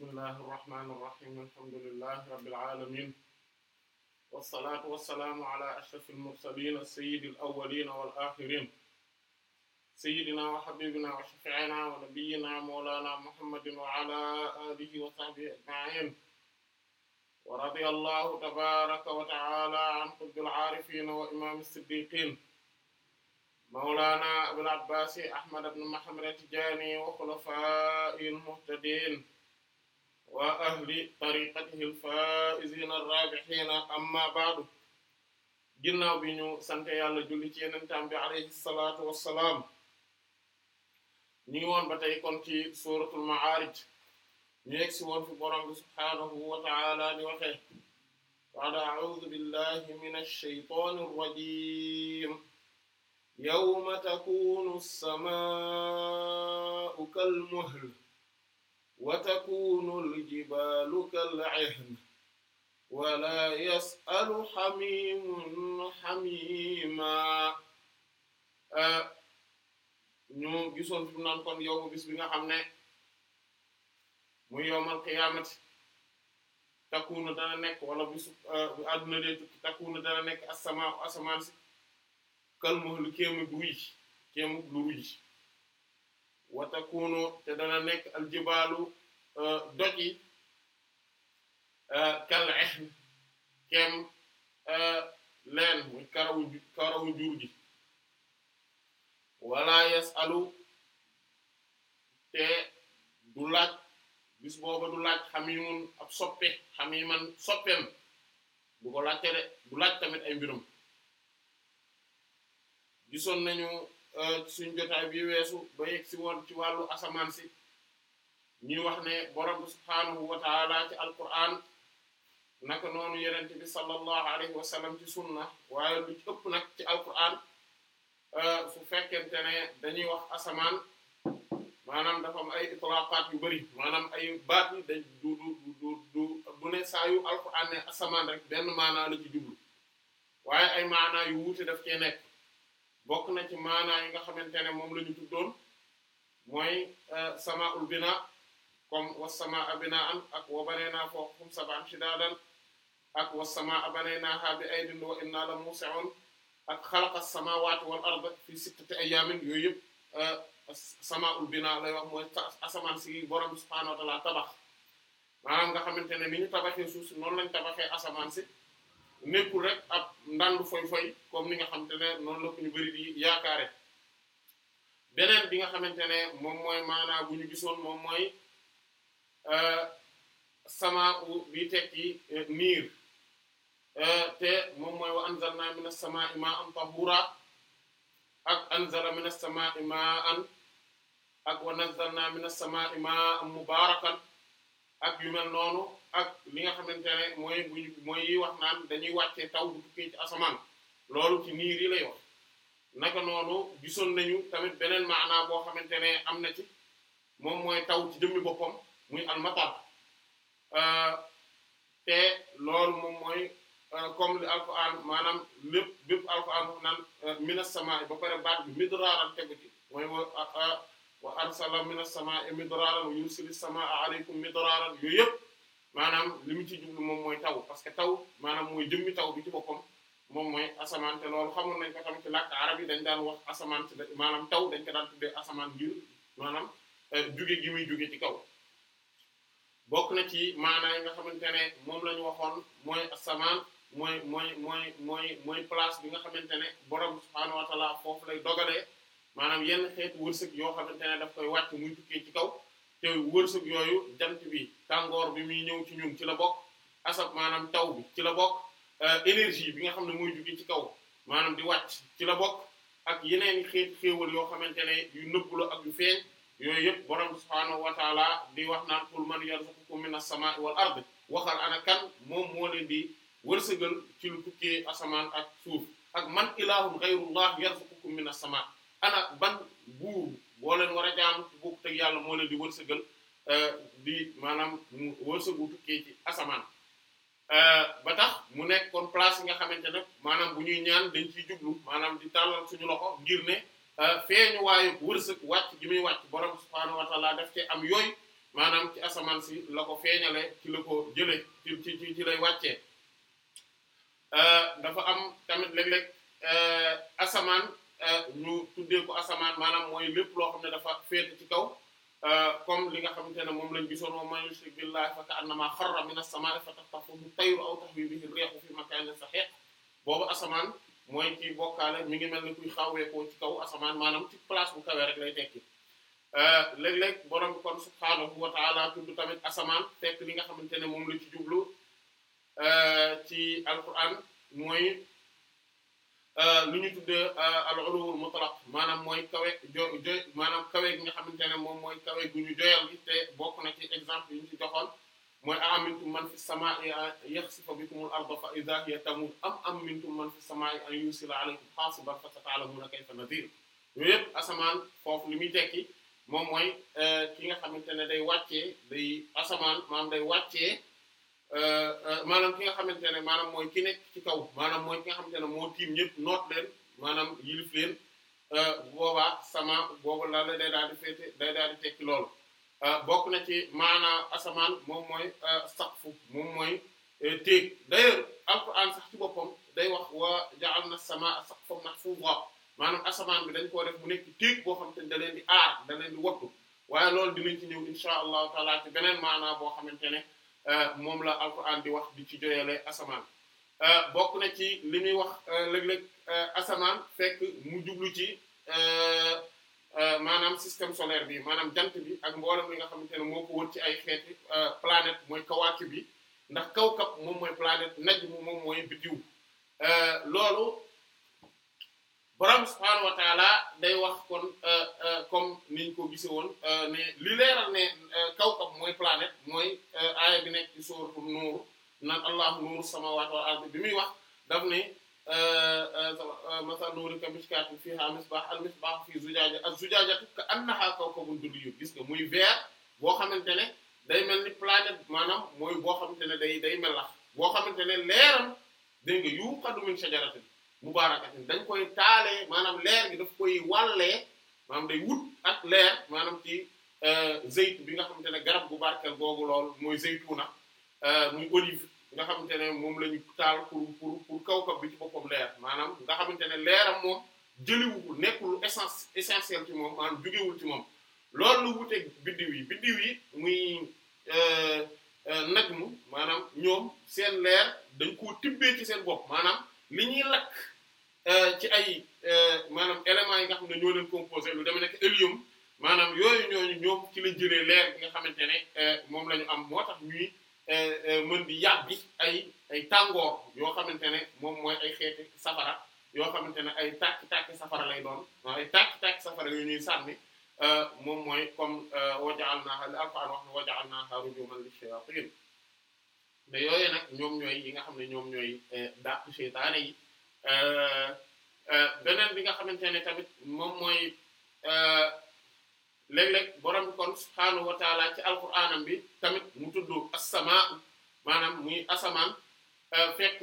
bismillahi irrahmani irrahim alhamdulilahi rabilalamin walsalaatu walsalaamu ala ashraf almursalin sayidi alawalina walaxirin sayidina wa xabibina wa shafiina wa nabiyina mawlana muhammadin wa ala alihi wa sahbihi ajmain wa radiya allahu tabaraka wa taala an qutbil aarifina wa imam siddiqin mawlana abil abbasi ahmad ibn muhammad at-tijani wa xulafaa'ihi al-muhtadiin wa ahli tariqatihi al-faa'izina ar-raabihiina amma ba'du ginnaaw bi ñu sante yàlla julli ci yenentam bi alayhi salaatu wassalaam ñu ngi woon ba tey kon ci suuratul ma'aarij ñu yegg si woon fi borom bi subhaanahu wa ta'aala di waxee wa'ada a'uudu billahi minash shaytaanir rajiim yawma takuunu as-samaa'u kal-muhl wa takunu al-jibaalu kal-'ihn wa laa yas'alu hamiimun hamiima ñu gisoon fi naan kon yow bis bi nga xam ne muy yawmal qiyaamati takunu dana nekk wala bisu adduna dee tukki takunu dana nekk as-samaa'u asamaan kal-muhl kéemu du yi lu ruy wa takunu te dana nekk aljibaalu euh, doj yi euh, kal ehn kem euh, leen muy karawu karawu jur gi wala yasalu te du laaj bis booba du laaj xamimun ab soppe xamiman soppeem du laajte de du laaj tamit ay mbirum gisoon Euh, suñ jotaay bi weesu ba yegg si woon ci wàllu asamaan si ñuy wax ne borom bi subhaanahu wa taala ci alquran naka noonu yenente bi sallallahu alayhi wa ci sunna waaye lu ëpp nag ci alquran euh, su fekkente ne dañuy wax asamaan maanaam dafa am ay itlaqaat yu bari maanaam ay baat yi du du du du du ne saa yu alquran ne asamaan rek benn maanaa la ci jublu waaye ay maanaa yu wuute daf cee bokk nañ ci maanaa yi nga xamante ne moom la ñu tuddoon mooy euh, samaul bina comme wasamaa binaan ak wa banayna fawqakum sab'an shidaadan ak wasamaa banaynaha bi aydin wa inna la musi'un ak xalaqa samawati wal arda fi sittati ayyamin yooyu yëpp euh, samaul bina lay wax mooy asamaan si borom bi subhaanahu wa ta'ala tabax maanaam nga xamante ne ni ñu tabaxee suuf si noonu lañ tabaxee asamaan si nekkul rek ab ndandu foy-foy comme ni nga xam ne noonu la ko ñu bari beneen bi nga xamante ne moom mooy maanaa bu ñu gisoon moom mooy euh, samaa'u bi tekki euh, niir euh, te moom mooy wa anzalna minas samaa'i ma'an tahura ak anzala minas samaa'i ma'an ak wa nazzalna minas samaa'i ma'an mubarakan ak yu mel noonu ak li nga xamante ne mooy mooy yi wax naan dañuy wàccee taw bu tukkee asamaan loolu ci niir yi lay wax naka noonu gisoon nañu tamit beneen maanaa boo xamante ne am na ci moom mooy taw ci jëmmi boppam muy almatar euh, te lool moom mooy euh, comme li alquran maanaam lépp bépp alquran wax naan euh, minas samaa'i ba pare baat bi midraaran tegu ci mooy wa arsala minas samaa'i midraaran wa yursili samaa'a alaykum midraaran yooyu yëpp maanaam li mu ci jublu moom mooy taw parce que taw maanaam mooy jëmmi taw bi ci boppam moom mooy asamaan te loolu xamoon nañ ko tamit ci dañ daan wax asamaan maanaam taw dañ ko daan tuddee asamaan maanaam euh, juge gi muy juge ci kaw bokk na ci maanaam yi nga xamante ne moom la ñu waxoon mooy asamaan mooy mooy mooy mooy mooy place bi nga xamante ne borom subhaanahu wa ta'aala foofu lay dogalee maanaam yenn xeetu wërsëg yoo xamante ne daf koy wàcc muy tukkee ci kaw te wërsëg yooyu jant bi tàngoor bi muy ñëw ci ñun ci la bokk asab maanaam taw bi ci la bokk euh, énergie bi nga xam ne mooy jóge ci kaw maanaam di wàcc ci la bokk ak yeneen xeet xéewal yoo xamante ne yu nëbbula ak yu feeñ yooyu yëpp borom subhaanahu wa taala di wax naan qul man yarzuqukum minas samaa'i wal ard waxal ana kan moom moo leen bi wërsëgal ci lu tukkee asamaan ak suuf ak man ilaahun ghayrullah min minas samaa' ana ban buur boo leen war a jaamu ci teg yàlla moo leen di wërsëgal euh, di maanaam mu wërsëgu tukkee ci asamaan euh, ba tax mu nekk kon place yi nga xamante ne maanaam bu ñuy ñaan dañ ciy juglu maanaam di tàllal suñu loxo ngir ne euh, feeñu waaye wërsëg wàcc gi muy wàcc borom subhaanahu wa ta'ala cee am yooyu maanaam ci asamaan si la ko feeñale ci la ko jële ci ci ci lay wàcce dafa am tamit léeg-léeg asamaan Euh, ñu tuddee assamaan asamaan maanaam mooy lépp loo xam ne dafa féete ci kaw euh, comme li nga xamante ne moom lañ gisoon moom man yushrik billahi fa ka'annama xarra min as-samaa'i fa taxtafuhu tayru aw tahwi bihi ar-rihu asamaan mooy ci bokkaale mi ngi mel ni kuy xawweekoo ci kaw asamaan maanaam ci place bu kawe rek lay tekki euh, léeg-léeg borom bi kon subhaanahu wa ta'ala tudd tamit asamaan fekk li nga xamante ne moom la ci jublu ci alquran mooy Euh, lu ñu tuddee euh, al ulul mutlaq maanaam mooy kawe jo jo maanaam kawe gi nga xamante ne moom mooy kawe gu ñu doyal gi te bokk na ci exemple yi ñu ci joxoon mooy a mintum man fi samaa'i an yakhsifa bikumul arda fa idha hiya tamur am am mintum man fi samaa'i an fa sata'lamuna kayfa nadhir yooyu asamaan foofu li muy tekki moom mooy euh, ki nga xamante ne day wàccee day asamaan maanaam day wàccee. Euh, euh, maanaam ki nga xamante ne maanaam mooy ki nekk ci kaw maanaam mooy ki nga xamante ne moo tiim ñëpp noot leen maanaam yilif leen euh, boobaa sama boobu la la day daal di féete day daal di tekki bokk na ci maanaam asamaan moom mooy saqfu moom mooy téeg d'ailleurs alquran sax ci boppam day wax wa ja'alna as-samaa saqfan mahfuuza maanaam asamaan bi dañ koo def mu nekk téeg boo xamante ne da leen di aar da leen di wattu waaye loolu dinañ ci ñëw insha allahu taala ci beneen maanaa boo xamante ne Euh, moom la alquran di wax di ci joyale asamaan euh, bokk na ci li muy wax euh, léeg-léeg asamaan fekk mu jublu ci maanaam système solaire bi maanaam jant bi ak mboolem li nga xamante ne moo ko wër ci ay xeeti planète mooy kawaaki bi ndax kawkab moom mooy planète naj moom mooy biddiw loolu borom subhaanahu wa taala day wax kon euh, euh, comme niñ ko gise woon euh, ne li leeral ne kawkab mooy planète mooy aaya bi nekk ci sóoratu nuur nan allahu nuuru samaawaati wal ardi bi muy wax daf ne masal nuurika mishkaatin fiihaa misbaah al misbaah fii zujaaja az zujaajatu ka annahaa kawkabun durriyyun gis nga muy vert boo xamante ne day mel ni planète maanaam mooy boo xamante ne day day melax boo xamante ne leeram dégg nga yuuqadu min shajaratin mubaarakatin dañ koy taalee maanaam leer bi daf koy wallee maanaam day wut ak leer maanaam ci euh, zeytu bi nga xamante ne garab gu barkeel googu lool mooy zeytuna euh, muy olive nga xamante ne moom lañu ñu taal pour pour pour kawkab bi ci boppam leer maanaam nga xamante ne leeram moom jëliwul nekkul essence essentiel ci moom maanaam jugewul ci moom lool lu wuteeg biddiw yi biddiw yi muy euh, nag mu maanaam ñoom seen leer dañ koo tibbee ci seen bopp maanaam li ñuy lakk Euh, ci ay euh, maanaam éléments yi nga xam ne ñoo leen composé lu demee nekk hélium maanaam yooyu ñooñu ñoom ci lañ jëlee leen bi nga xamante ne euh, moom la ñu am moo tax ñuy mën di yàbbi ay ay tàngoor yoo xamante ne moom mooy ay xeeti safara yoo xamante ne ay tàkk safara lay doon ay tàkk-tàkk safara yooyu ñuy sànni moom mooy comme waja'alnaahaa li Alxuraan wax ne waja'alnaahaa rujuuman lish-shayaatiin mais yooyu nag ñoom ñooy yi nga xam ne ñoom ñooy dàq seytaane yi Euh, euh, beneen bi nga xamante ne tamit moom mooy euh, léeg-léeg borom kon subhaanahu wa taala ci alquraanam bi tamit mu tudd assamaa maanaam muy asamaan fekk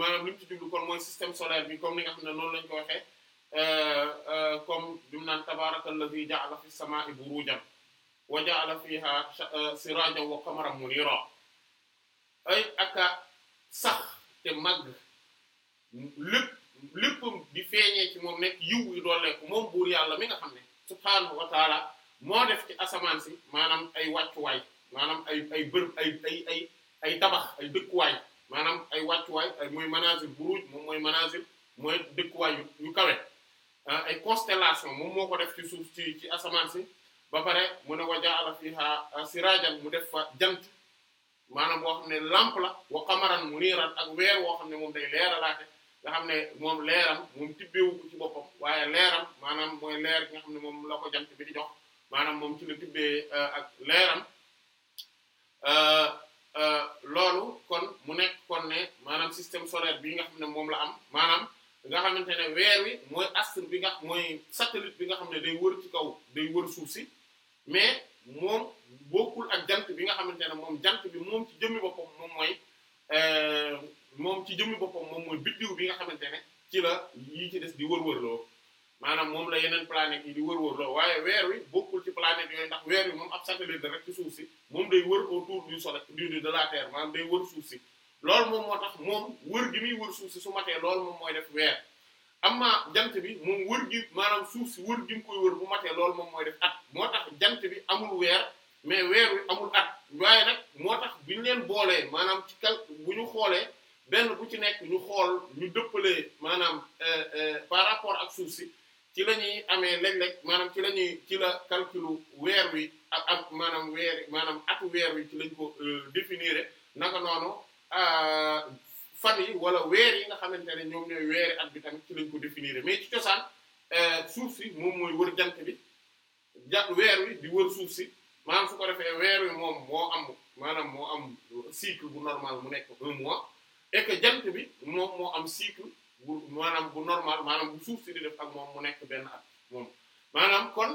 maanaam li mu ci jublu kon mooy système solaire bi comme ni nga xam ne noonu lañu ko waxee comme bi mu naan tabaaraka allazi ja'ala fi samaa'i burujan wa ja'ala fiha sirajan wa qamaran munira ay aka sax te màgg lépp lépp di feeñee ci moom nekk yiw yu dooleeku moom buur yàlla mi nga xam ne subhaanahu wa taala moo def ci asamaan si maanaam ay wàccuwaay maanaam ay ay bërëb ay ay ay ay tabax ay dëkkuwaay maanaam ay wàccuwaay ay mooy manazil buruj moom mooy manazil mooy dëkkuwaay yu yu kawe ah, ay constellation moom moo ko def ci suuf ci ci asamaan si ba pare mu ne waja'ala fiha sirajan mu def fa jant maanaam boo xam ne lampe la wa mu muniran ak weer woo xam ne moom day leeralaate nga xam ne moom leeram moom tibbeewu ko ci boppam waaye leeram maanaam mooy leer nga xam ne moom la ko jant bi di jox maanaam moom ci la tibbee euh, ak leeram euh, euh, loolu kon mu nekk kon ne maanaam système solaire bi nga xam ne moom la am maanaam nga xamante ne weer wi mooy astre bi nga mooy satellite bi nga xam ne day wër ci kaw day wër suuf si mais moom bokkul ak jant bi nga xamante ne moom jant bi moom ci jëmmi boppam moom mooy moom ci jëmmi boppam moom mooy biddiw bi nga xamante ne ci la yi ci des di wërwërloo maanaam moom la yeneen planètes yi di wërwërloo waaye weer wi bokkul ci planètes yooyu ndax weer wi moom ab satellite rek ci suuf si moom day wër autour du soleil du de la terre maanaam day wër suuf si loolu moom moo tax moom wër gi muy wër suuf si su matee lool moom mooy def weer amma jant bi moom wër gi maanaam suuf si wër gi mu koy wër bu matee lool moom mooy def at moo tax jant bi amul weer mais weer amul at waaye nag moo tax bu leen boolee maanaam ci kal bu ñu xoolee benn bu ci nekk ñu xool ñu dëppale maanaam euh, euh, par rapport ak suuf si ci la ñuy amee léeg-léeg maanaam ci lañuy ñuy ci la calculu weer wi ak ak maanaam weer maanaam atu weer wi ci lañ ko euh, définir naka noonu fan yi wala weer yi nga xamante ne ñoom ñooy weeri at bi tamit ci lañ ko définir mais ci cosaan suuf si moom mooy wër jant bi ja weer wi di wër suuf si maanaam su ko defee weer wi moom moo am maanaam moo am cycle bu normal mu nekk un mois. et jant bi moom moo am cycle bu maanaam bu normal maanaam bu suuf si di def ak moom mu nekk benn at moom maanaam kon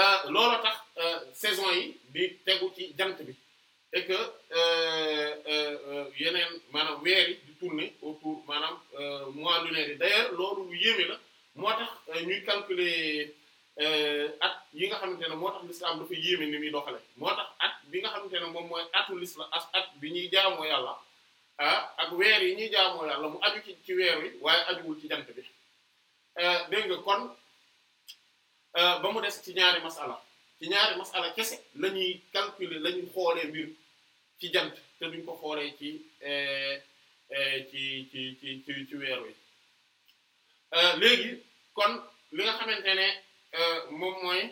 euh, loolu tax euh, saison yi bi tegu ci jant bi et euh, yeneen maanaam weer yi di tourner autour maanaam mois lunaire yi d'ailleurs loolu lu yéeme la moo tax ñuy calculer at yi nga xamante ne moo tax l'islam dafa yéeme ni muy doxale moo tax at bi nga xamante ne moom mooy atu l'islam as at bi ñuy jaamoo yàlla ah ak weer yi ñuy jaamoo yàlla mu aju ci ci weer wi waaye ajuwul ci jant bi eh, dégg nga kon eh, ba mu des ci ñaari masala ci ñaari masala kese la ñuy calculer la ñuy xoolee mbir ci jant te duñ ko xoolee ci eh, ci ci ci ci ci weer wi léegi kon li nga xamante ne moom mooy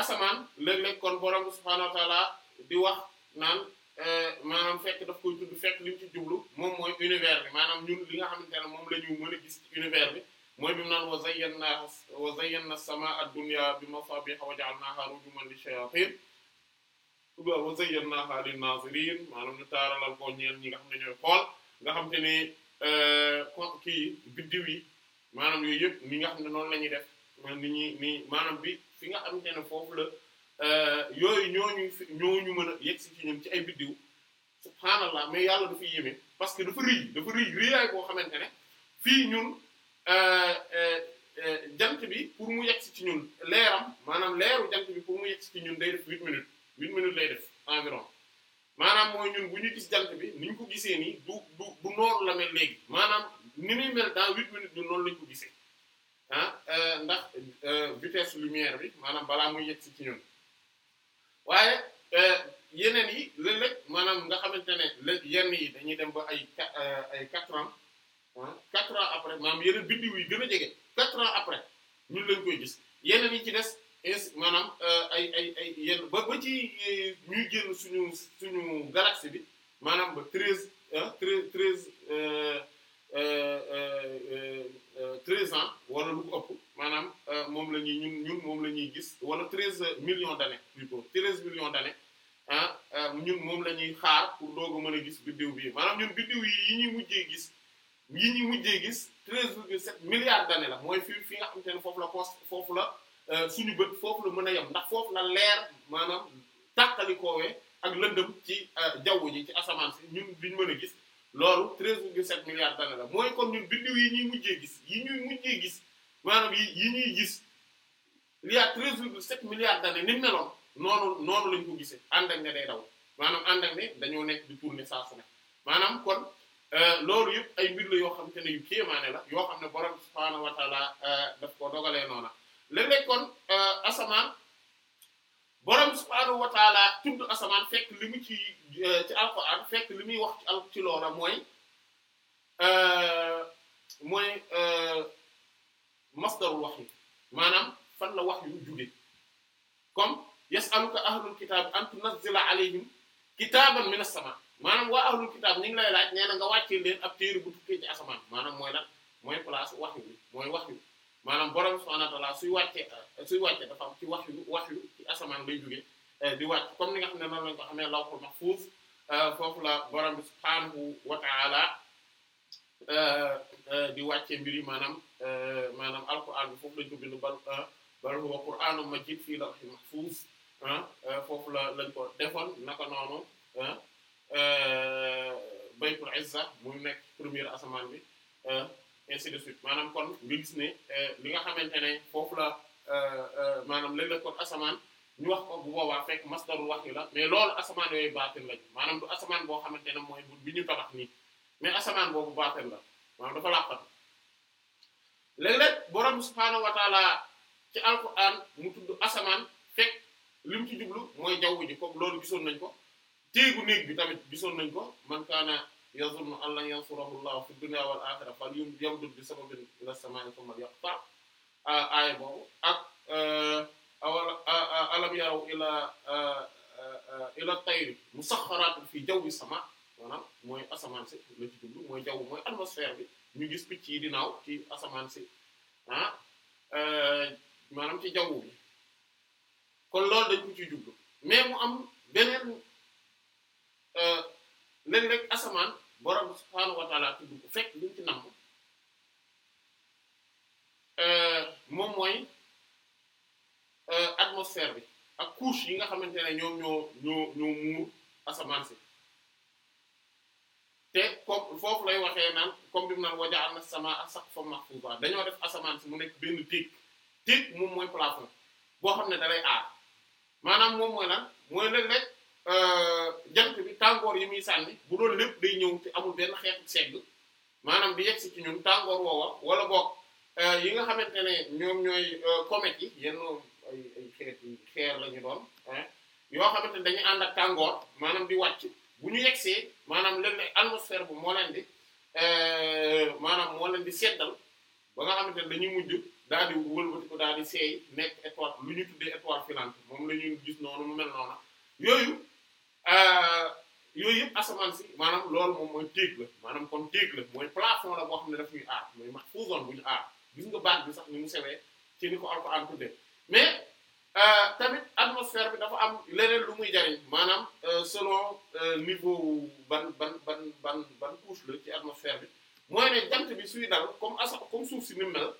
asamaan léeg-léeg kon borom subhaanahu wa ta'aala di wax naan Euh, maanaam fekk daf koy tudd fekk li mu ci moom mooy univers bi maanaam ñun li nga xamante ne moom la ñu mën a gis ci univers bi mooy bi mu naan wa zayyana wa zayyana samaa ad-dunya bi masabiha wa ja'alnaha rujuman lish-shayatin wa zayyanaha lin-nazirin maanaam ñu taaralal ko ñeen ñi nga xam ne ñooy xool nga xam te ne euh, kon kii biddiw yi maanaam yooyu yëpp ni nga xam ne noonu la ñuy def ni ñuy ni maanaam bi fi nga xam ne foofu la Euh, yooyu ñooñu ñooñu mën a yegg si ci ñoom ci ay biddiw subhaanallah mais yàlla dafa yéeme parce que dafa rëy dafa rëy rëyaay boo xamante ne fii ñun euh, euh, jant bi pour mu yegg ci ñun leeram maanaam leeru jant bi pour mu yegg si ci ñun day def huit minutes huit minutes lay def environ maanaam mooy ñun bu ñu gis jant bi ni ñu ko gisee nii du du du noor la mel léegi maanaam ni muy mel dans huit minutes ñun noonu lañu ko gisee ah ndax vitesse lumière bi maanaam balaa muy yegg si ci ñun waaye euh, yeneen yi léeg-léeg maanaam nga xamante ne léeg yenn yi dañuy dem ba ay euh, ay quatre ans quatre ans après maanaam yeneen biddiw yi gën a jege quatre ans après ñun lañ koy gis yeneen yi ci des ainsi maanaam euh, ay ay ay yenn ba ba ci ñuy génn suñu suñu galaxie bi maanaam ba treize treize treize treize ans wala lu ko ëpp maanaam euh, moom la ñuy ñun ñun moom la ñuy gis wala million millions d'années plutôt treize millions d'années ah euh, ñun moom la ñuy xaar pour doogu mën a gis biddiw bii maanaam ñun biddiw yi yi ñuy mujjee gis yi ñuy mujjee gis treize virgule sept milliards d'années la mooy fi fi nga xamante ne foofu la cons foofu la euh, suñu bët foofu la mën a yem ndax foofu la leer maanaam tàqalikoowee ak lëndëm ci jaww ji ci asamaan si ñun liñ mën a gis loolu 13,7 milliards d'années la mooy kon ñun biddiw yi ñuy mujjee gis yi ñuy mujjee gis maanaam yi yi ñuy gis il y a set milliards d'années ni meloon noonu noonu lañ ko gisee ànd ak ne day daw maanaam ànd ak ne dañoo nekk di tourner saa ne maanaam kon euh, loolu yëpp ay mbir la yoo xam te ne yu kéemaane la yoo xam ne borom subhaanahu wa taala euh, daf ko dogalee noona léeg-léeg kon euh, asamaan borom subhaanahu wa tudd asamaan fekk li mu ci Euh, ci alquran fekk li muy wax ci al ci loola mooy euh, mooy euh, masdarul wahyi maanaam fan la wax yu jóge comme yas'aluka ahlul kitaab an tunazzila alayhim kitaaban na samaa maanaam wa ahlul kitaab ñu ngi lay laaj nee na nga wàccee leen ab téere bu tukkee ci asamaan maanaam mooy lan mooy place wax yu mooy wax yu maanaam borom subhaanahu wa ta'aala suy wàccee suy wàccee dafa ci wax yu wax yu ci asamaan lay jóge Eh, di wàcc comme ni nga xam ne noonu lañ ko xamee lawhul mahfuz eh, foofu la borom bi subhaanahu wa ta'ala eh, di wàcce mbir yi maanaam maanaam alquran bi foofu lañ ko bind bal bal huwa qur'aanun majiid fii lawhin mahfuz foofu la lañ ko defoon naka noonu baytul izza muy nekk première asamaan bi ainsi de kon nga gis ne li nga xamante ne foofu la maanaam léeg-léeg asamaan ñu wax ko bu boobaa fekk masdarul wax yi la mais loolu asamaan yooyu baatin lañ maanaam du asamaan boo xamante ne mooy bi ñu tabax nii mais asamaan boobu baatin la maanaam dafa làqatu léeg-léeg borom subhaanahu wa taala ci alquran mu tudd asamaan fekk li mu ci jublu mooy jaww ji ko loolu gisoon nañ ko téegu néeg bi tamit gisoon nañ ko man kaana yazunnu an lan yansurahu llahu fi dunya wal axira fal yamdud bi sababin ila samaa'i thumma yaqta aaya boobu ak euh, awala alam yaraw ilaa mu tayri musaxxaraatin fi jawwi sama maanaam mooy asamaan si mooy jaww mooy atmosphère bi ñu gis picc yi di ci asamaan si ah maanaam ci jaww loolu dañ ci jublu mais mu am beneen leen rek asamaan borom moom mooy Euh, atmosphère bi ak couche yi nga xamante ne ñoom ñoo ñoo ñoo muur si te comme foofu lay waxee naan comme bi mu naan waja'alna dañoo def asamaan mu nekk benn téeg téeg moom mooy plafond boo xam ne dalay aar maanaam moom mooy lan mooy léeg euh, jant bi tàngoor yi muy sànni bu doon lépp day ñëw ci amul benn xeetu segg maanaam di yegsi ci ñun tàngoor woowa wala boog euh, yi nga xamante ne ñoom ñooy comètes yi yenn ay ay xeeti xeer lañu ñu doon yoo xamante ni dañuy ànd ak tàngoor maanaam di wàcc bu ñu yegsee maanaam leen atmosphère bu moo leen di euh, maanaam moo leen di seddal ba nga xamante ni dañuy mujj daal di wëlbati ko daal di seey nekk étoile lu ñu tuddee étoile filante moom la ñuy gis noonu mu mel noonu yooyu euh, yooyu yëpp asamaan si maanaam loolu moom mooy téeg la maanaam kon téeg la mooy plafond la boo xam ne daf ñuy aar mooy maxfuuzon bu ñu aar gis nga baat bi sax ni mu sewee ko Alxuraan tudde mais euh, tamit atmosphère bi dafa am leneen lu muy jariñ maanaam euh, selon euh, niveau ban ban ban ban ban couche la ci atmosphère bi mooy ne jant bi suy dal comme asa suuf si ni mel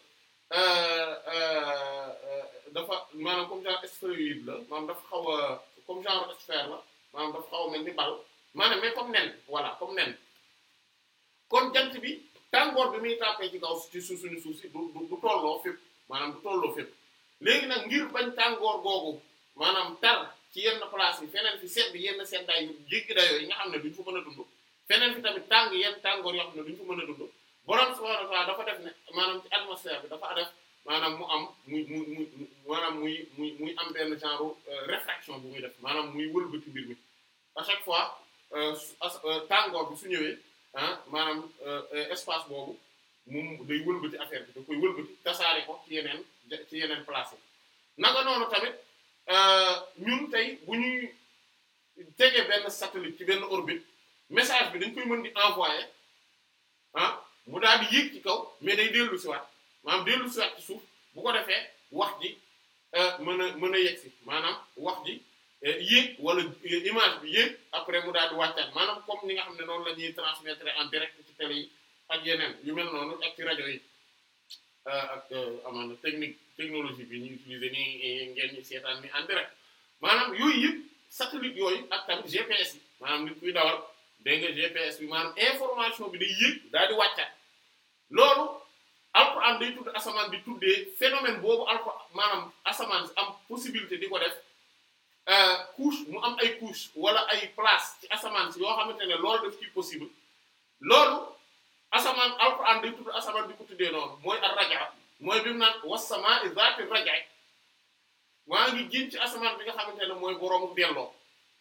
dafa maanaam comme genre sphéroïde la maanaam dafa xaw a comme genre sphère la maanaam dafa xaw a mel ni bal maanaam mais comme nen voilà comme nen kon jant bi tàngoor bi muy tàppee ci kaw ci suuf suñu suuf si du du tolloo fépp maanaam du tolloo fépp léegi nag ngir bañ tàngoor boobu maanaam tar ci yenn place yi feneen fi sedd yenn seddaay yu jéggi dayoo yi nga xam ne duñ fa mën a dund feneen fi tamit tàng yenn tàngoor yoo xam ne duñ fa mën a dund borom subhaanahu wa dafa def ne maanaam ci atmosphère bi dafa def maanaam mu am muy mu mu maanaam muy muy muy am benn genre euh, réfraction bu muy def maanaam muy wëlbati mbir mi à chaque fois euh, euh, tàngoor bi su ñëwee ah maanaam espace boobu. moom day wëlbati affaire bi da koy wëlbati tasaare ko ci yeneen ci yeneen place yi naka noonu tamit euh, ñun tey bu ñuy tege benn satellite ci benn orbite message bi dañ koy mën di envoyer ah mu daal di yéeg ci kaw mais day dellu si waat maanaam dellu si waat ci suuf bu ko defee wax ji euh, mën a mën a yegg si maanaam wax ji euh, yéeg wala image bi yéeg après mu daal di wàccaat maanaam comme ni nga xam ne noonu la ñuy transmettre en direct ci télé yi ak yeneen yu mel noonu ak ci rajo yi euh, ak euh, technique technologie bi ñu utiliser nii ngeen ñu seetaan ni en direct maanaam yooyu yëpp satellite yooyu ak tamit GPS yi maanaam nit kuy dawal dégg nga GPS bi maanaam information bi day yëg daal di wàccaat loolu alxuraan day tudd asamaan bi tuddee phénomène boobu alxuraan maanaam asamaan si am possibilité di ko def euh, couche mu am ay couche wala ay place ci asamaan si yoo xamante ne loolu daf ciy possible loolu asamaan alquran day tudd asamaan di ko tuddee noonu mooy ar raja mooy bi mu naan wasamaa zaati raja maa ngi giñ ci asamaan bi nga xamante ne mooy boroomu delloo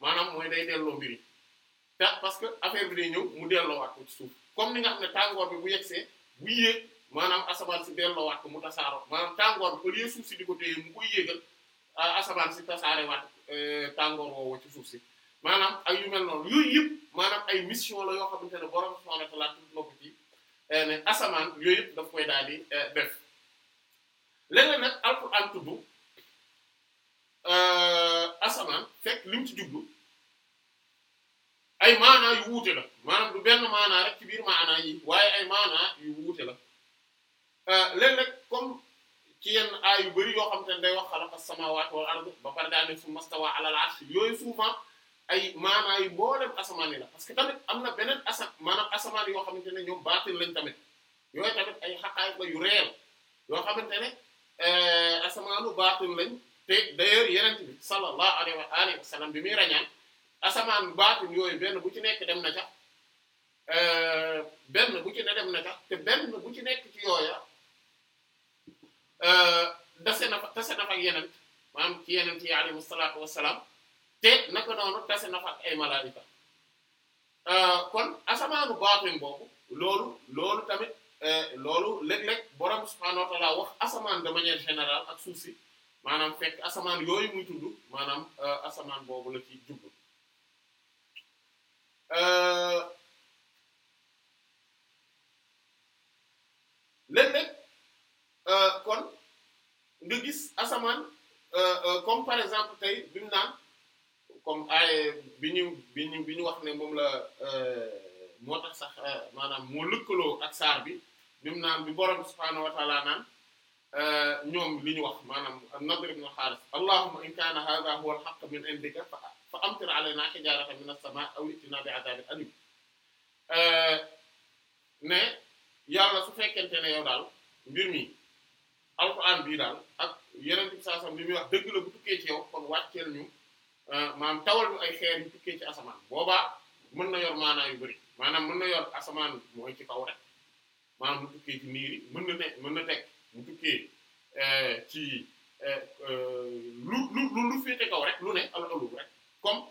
maanaam mooy day delloo mbiri te parce que affaire bi day ñëw mu delloowaat ko ci suuf comme ni nga xam ne tàngoor bi bu yegsee bu yéeg maanaam asamaan si delloowaat ko mu tasaaroo maanaam tàngoor bi au lieu suuf si di ko téye mu koy yéegal asamaan si tasaare tasaarewaat e, tàngoor woowu ci suuf si maanaam ay yu mel noonu yooyu yëpp ay mission la yoo xamante ne borom subhanahu Eh, ne asamaan yooyu daf koy daal di eh, def leneen nag alquran tudd eh, asamaan fekk li mu ci jublu ay maanaa yu wuute la maanaam du benn maanaa rek ci biir maanaa yi waaye ay maanaa yu wuute la léeg rek comme ci yenn aay yu bari yoo xam te ne day wax xalaqa samaawaati wal ard ba pare daal di fu mastawa alal arsh yooyu souvent. ay maanaa yu mboolem asamaan yi la parce que tamit am na beneen asa maanaam asamaan yoo xamante ne ñoom baatin lañ tamit yooyu tamit ay xaqaay yu réel yoo xamante ne euh, asamaanu baatin lañ te d'ailleurs yeneen bi sallallahu alayhi wa bi muy rañaan asamaan baatin yooyu benn bu ci nekk dem na ca euh, benn bu ci ne dem na te benn bu ci nekk ci yooya euh, dase na fa dase na fa ak yeneen maanaam ci yeneen ci alayhi salaatu wa te naka noonu tase na fa ay malaayika euh, kon asamaanu baatin boobu loolu loolu tamit euh, loolu léeg-léeg borom subhaanahu wax asamaan de manière général ak suuf si maanaam fekk asamaan yooyu muy tudd maanaam euh, asamaan boobu la ci jublu léeg-léeg kon nga gis asamaan comme par exemple tey bi naan. comme ay ah, eh, bi ñu bi ñu bi ñu wax ne moom la eh, moo tax sax eh, maanaam moo lëkkaloo ak saar bi bi mu naan bi borom subhaanahu wa naan ñoom li ñu wax maanaam an-Nadr ibn al-Haaris allahumma in kaana haadha huwa al-haqq min indika fa amtir alaynaa hijaaratan mina as-samaa'i aw i'tinaa bi'adaabin aliim ne yàlla su fekkente ne yow daal mbir mi alquran bii daal ak yeneen i saa soxna bi muy wax dëgg la bu tukkee ci yow kon wàcceel ñu. Euh, maanaam tawal ñu ay xeer yu tukkee ci asamaan boobaa mën na yor maanaa yu bari maanaam mën na yor asamaan mooy ci kaw rek maanaam mu tukkee ci niir mën na ne mën na teg mu tukkee euh, ci euh, lu lu lu féete kaw rek lu ne al alu rek comme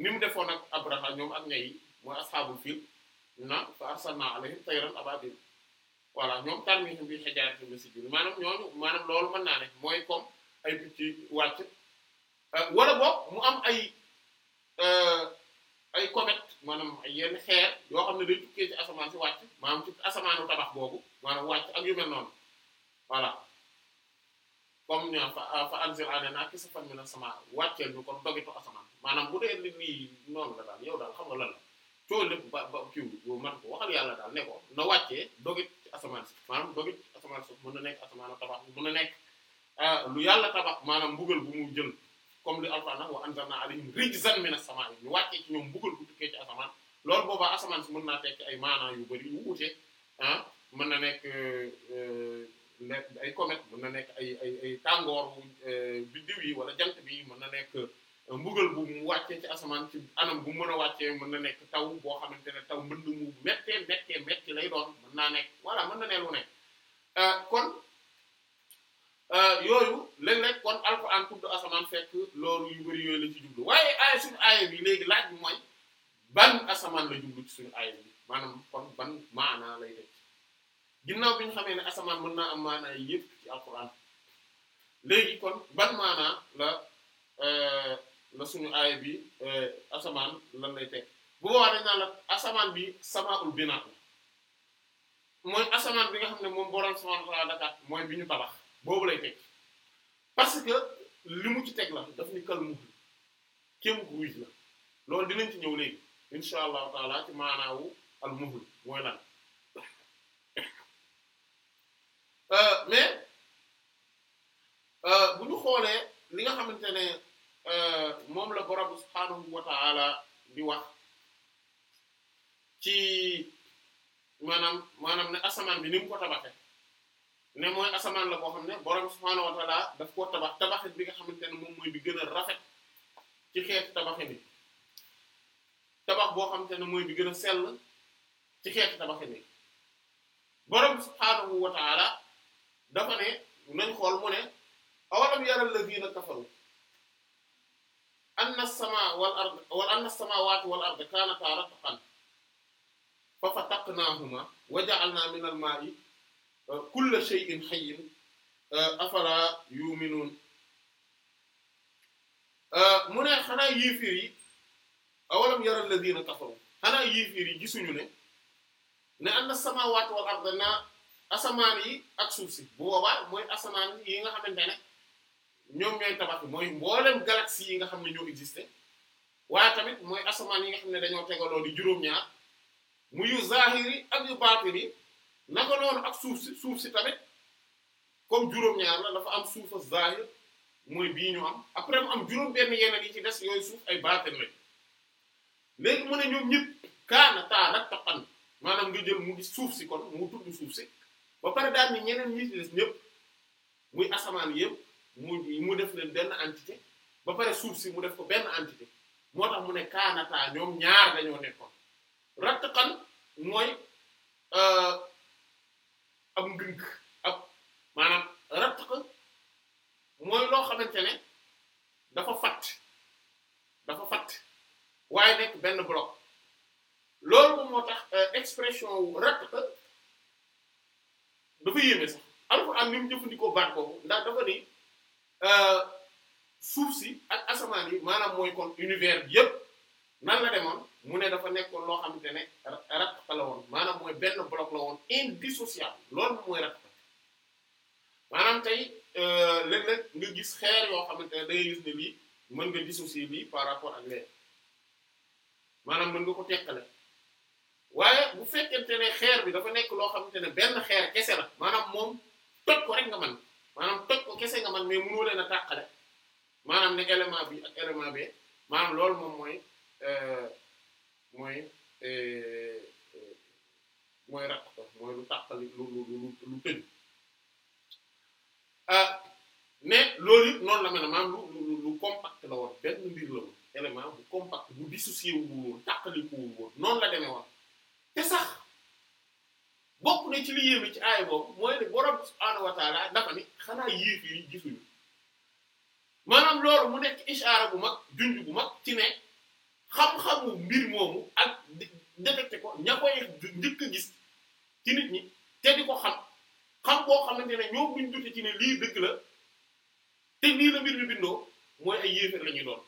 ni mu defoon ak Abraha ñoom ak ñay mooy asxaabul fiil na fa arsalna alayhim tayran ababil voilà ñoom tarmihim bi hijaaratin min sijil maanaam ñooñu maanaam loolu mën naa ne mooy comme ay picc wàcc Euh, wala boog mu am ay euh, ay comète maanaam ay yenn xeer yoo xam ne day tukkee ci asamaan si wàcc maanaam ci asamaanu tabax boobu maanaam wàcc ak yu mel noonu voilà comme ñu fa fa anzir alayna kisfan mina sama wàcceel ñu maanaam bu dee lii noonu la daal yow daal xam nga lan la coono lépp ba ba kiw boobu man ko waxal yàlla daal ne ko na wàccee dogit ci asamaan si maanaam dogit ci asamaan si mën na nekk asamaanu tabax mën na nekk euh, lu yàlla tabax maanaam mbugal bu mu jël. comme li alquran wa anzalna alayhim rijzan min as-samaa ñu wàccee ci ñoom mbugal bu tukkee ci asamaan loolu booba asamaan si mën naa tekki ay maanaa yu bari yu ah, mën na nekk euh, nekk ay comète mën na nekk ay ay ay tàngoor euh, biddiw yi wala jant bi mën na nekk euh, mbugal bu mu wàccee ci asamaan ci anam bu mën a wàccee mën na nekk taw boo xamante ne taw mbënd mu méttee méttee métti lay doon mën naa nekk voilà mën na ne lu ne kon Euh, yooyu léeg-léeg kon alxuraan tudd asamaan fekk loolu yu bari yooyu la ci jublu waaye aaya suñu aaya bi léegi laaj bi mooy ban asamaan la jublu ci suñu aaya bi maanaam kon ban xamee ne asamaan mën naa am maanaa yépp ci alxuraan la euh, la bi euh, asamaan lan lay teg bu la bi samaaul binaa mooy asamaan bi nga xam ne moom borom subhaanahu wa ta'aala mooy bi ñu tabax. boobu lay teg parce que li mu ci teg la daf ni kal muhl kéem ruuj la loolu dinañ ci ñëw léegi incha allah taala ci maanaawu al muhl mooy lan euh, mais euh, bu ñu xoolee li nga xamante ne euh, moom la borom subhaanahu wa taala di wax ci maanaam maanaam ne asamaan bi ni mu ko tabaxee ne mooy asamaan la boo xam ne borom subhaanahu wa taala daf koo tabax tabaxit bi nga xamante ne moom mooy bi gën a rafet ci xeetu tabaxin yi tabax boo xamante ne mooy bi gën a sell ci xeetu tabaxin yi borom subhaanahu dafa ne nañ xool mu ne awalam yaral ladina kafaru anna as-samaa wal ard wa anna as-samaawaati wal ard kaanataa ratqan fa fataqnaahuma wa ja'alnaa mina al-maa'i kulla shay'in hayyin afala yu'minun mu ne xanaa yéeféer yi awalam yara alladhina kafaru xanaa yéeféer yi gisuñu ne ne anna samawati wal arda na asamaan yi ak suuf si bu boobaa mooy asamaan yi nga xamante ne ñoom ñooy tabax bi mooy mboolem galaxie yi nga xam ne ñoo existé waaye tamit mooy asamaan yi nga xam ne dañoo tegaloo di juróom-ñaar mu yu zahiri ak yu baatini naka noonu ak suuf si suuf si tamit comme juróom-ñaar la dafa am suufa zahir mooy bii ñu am après mu am juróom-benn yeneen yi ci des yooyu suuf ay baatin lañ léegi mu ne ñoom ñëpp kaana taal ak toqan maanaam nga jël mu gis suuf si kon mu tudd suuf ba pare daal ni ñeneen ñi ñëpp muy asamaan yëpp mu mu def leen benn entité ba pare suuf si mu def ko benn entité moo tax mu ne kaanataa ñoom ñaar dañoo nekkoon rattqan mooy. Euh, ak ndënk ak maanaam ratq mooy loo xamante ne dafa fatt dafa fatt waaye nekk benn bloc loolu moo tax euh, expression wu ratq dafa yéeme sax alxuraan ni mu jëfandikoo baat boobu ndax dafa ni euh, suuf si ak asamaan yi maanaam mooy kon univers bi yépp nan la demoon mu ne dafa nekkoon loo xamante ne rakk la woon maanaam mooy benn bloc la woon indissociable loolu mooy rakk maanaam tey euh, léeg-léeg nga gis xeer yoo xamante ne day gis ne lii mën nga dissocier lii par rapport ak lee maanaam mën nga ko teqale waaye bu fekkente ne xeer bi dafa nekk loo xamante ne benn xeer kese la maanaam moom toj ko rek nga mën maanaam toj ko kese nga man mais mënoo leen a tàqale maanaam ne élément bi ak élément bi maanaam loolu moom mooy. Euh, mooy euh, euh, mooy raq ko mooy lu tàqali lu lu lu lu tëj ah, ne loolu it noonu la mel ne maanaam lu lu lu compact la woon benn mbir la woon élément bu compact bu dissocié wu woon tàqali noonu la demee woon te sax bokk na ci li yéeme ci aay boobu mooy ne borom subhaanahu wa taala dafa ni xanaa yéef yi gisuñu maanaam loolu mu nekk ishaara bu mag junj bu mag ci nekk xam-xamu mbir moomu ak détecté ko ña koy njëkk a gis ci nit ñi te di ko xam xam boo xamante ne ñoom duñ jute ci ne lii dëgg la te nii la mbir bi bindoo mooy ay yéefér la ñuy doon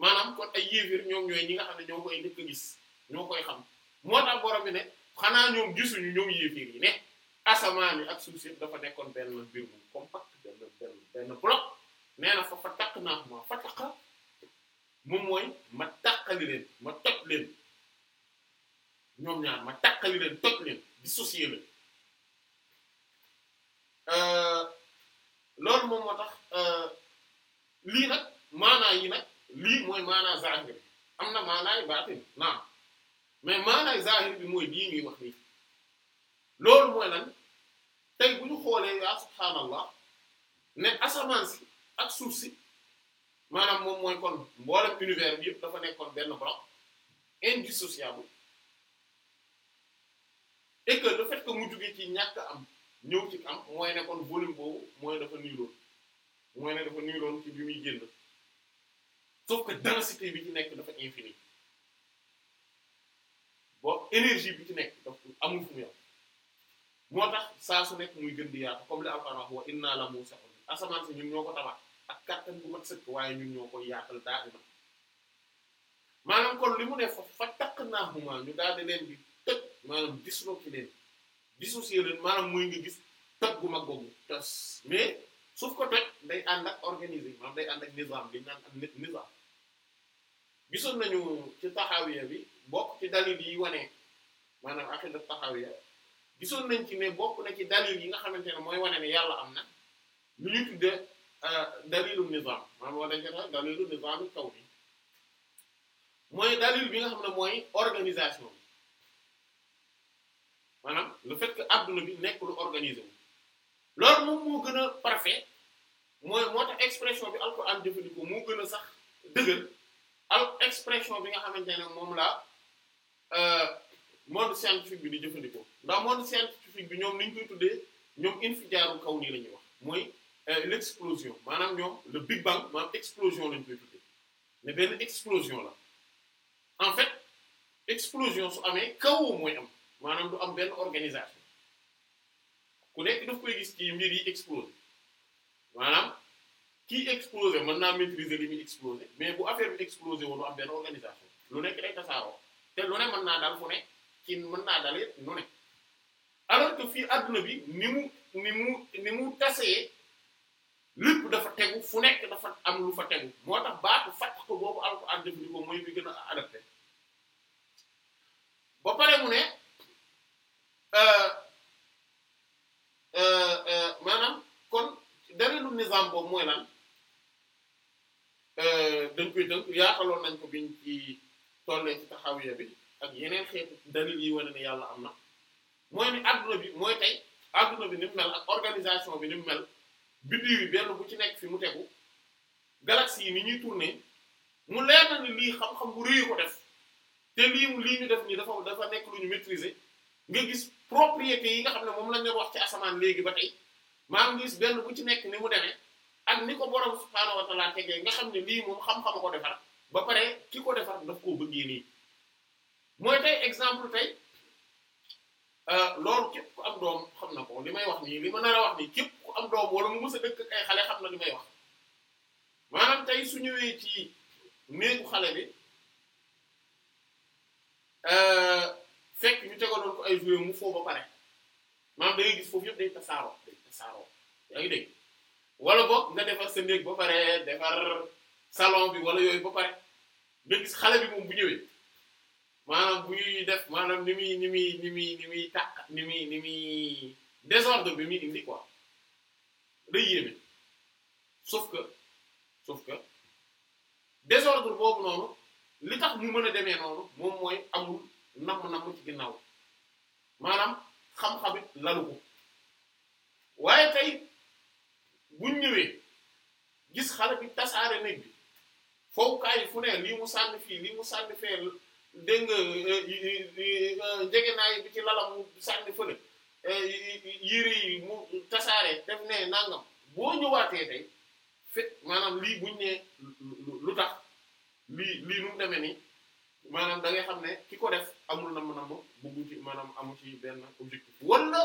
maanaam kon ay yéefér ñoom ñooy ñi nga xam ne ñoo koy njëkk a gis ñoo koy xam moo tax borom bi ne xanaa ñoom gisuñu ñoom yéefér yi ne asamaan yi ak suuf si dafa nekkoon benn mbir mu compact benn benn nee na fa fa takk naa ma fa taqa moom mooy ma tàqali leen ma toj leen ñoom ñaar ma tàqali leen toj leen dissocier leen euh, loolu moom moo euh, lii nag maanaa yi nag lii mooy maanaa zahir am na maanaay baatin naam mais maanaay zahir bi mooy lii ñuy wax nii loolu mooy lan tey bu ñu xoolee yaa subhaanallah ne asamaan si ak suuf si maanaam moom mooy kon mboolem univers yëpp dafa nekkoon benn bloc indissociable et que le fait que mu jugee ci ñàkk am ñëw ci am mooy ne kon volume boobu mooy dafa niiroon mooy ne dafa niiroon ci bi muy génn sauf que densité bi ci nekk dafa infini bon énergie bi ci nekk dafa amul fu mu yam moo tax saa su nekk muy gën di yaatu comme li Alxuraan wax wa inna la musaa'un asamaan si ñun ñoo ko tabax ak kàttan bu mat sëkk waaye ñun ñoo koy yaatal daa ima maanaam kon li mu ne fa fa takk naa huma ñu daal di leen di tëj maanaam disloqué leen dissocié leen maanaam mooy gis toj gu mag boobu tas day ànd ak organisé maanaam day ànd ak nizam li ñu naan ak nizam nañu ci taxawiya bi bokk ci dalil yi wane maanaam aqida taxawiya gisoon nañ ci ne bokk na ci dalil yi nga xamante ne mooy wane ne yàlla am na lu ñu tudde Euh, dalilu nizam maanaam wala dañu koy dalilu nizam kaw bi mooy dalil bi nga xam ne mooy organisation bi maanaam le fait que adduna bi nekk lu organisé wu loolu moom moo gën a parfait mooy moo tax expression bi alquran jëfandikoo moo gën a sax dëgër al expression bi nga xamante ne moom la euh, monde scientifique bi di jëfandikoo ndax monde scientifique bi ñoom ni ñu koy tuddee ñoom infijaaru kaw nii la wax mooy. l'explosion maanaam ñoom le big bang maanaam explosion lañ koy tuddee ne benn explosion la en fait explosion su amee kaw mooy am maanaam du am benn organisation ku nekk daf koy gis ci mbir yi explosé maanaam kii explosé mën naa maîtriser li muy explosé mais bu affaire bi explosé woon du am benn organisation lu nekk day tasaaroo te lu ne mën naa dal fu ne ci mën naa dal yépp lu ne alors que fii adduna bi mu ni mu ni mu tasee lépp dafa tegu fu nekk dafa am lu fa tegu moo tax baatu fàq ko boobu alquran jëfandikoo mooy bi gën a adapté ba pare mu ne euh, euh, euh, maanaam kon dalilu nizam boobu mooy lan dañ koy tënk yaataloon nañ ko biñ ci tollee ci taxawiya bi ak yeneen xeetu dalil yi wane ne yàlla am na mooy ni adduna bi mooy tey adduna bi ni mel ak organisation bi ni mu mel biddiw yi benn bu ci nekk fi mu tegu galaxie yi ni ñuy tourner mu leer na ni lii xam-xam bu rëy ko def te lii lii ñu def nii dafa dafa nekk lu ñu maîtriser nga gis propriété yi nga xam ne moom lañ leen wax ci asamaan léegi ba tey maa gis benn bu ci nekk ni mu demee ak ni ko borom subhaanahu wa ta'aala tegee nga xam ne lii moom xam-xam ko defar ba pare ki ko defar daf koo bëggee nii mooy tey exemple tey euh, loolu képp ku am doom xam na ko li may wax nii li ma nar a wax nii képp. am doom wala mu mës dëkk ak xale xam na li may wax maanaam tey su ñëwee ci néegu xale bi euh, fekk ñu tegaloon ko ay joué mu foo ba pare maa da ngay gis foofu yëpp day tasaaroo day tasaaroo yaa ngi dégg nga defar sa néeg ba pare defar salon bi wala yooyu ba pare nga gis xale bi moom bu ñëwee maanaam bu ñuy def maanaam ni muy ni muy ni muy ni muy tàq ni muy ni muy désordre bi muy indi day suuf ka que sauf que désordre boobu noonu li tax mu mën a demee noonu moom mooy amul namm-namm ci ginnaaw maanaam xam-xamit lalu waaye tey buñ ñëwee gis xale bi tasaare néeg bi fowukaay yi fu ne lii mu sànni fii lii mu sànni fee dégg nga naa euh, euh, euh, naay bi ci lalam mu sànni fële Eh, yére yi mu tasaare def ne nangam boo ñëwaatee tey fekk maanaam lii buñ ne lu tax lii lii nu mu demee nii maanaam da ngay xam ne ki ko def amul namb-namb bëggu ci maanaam amu ci benn objectif wala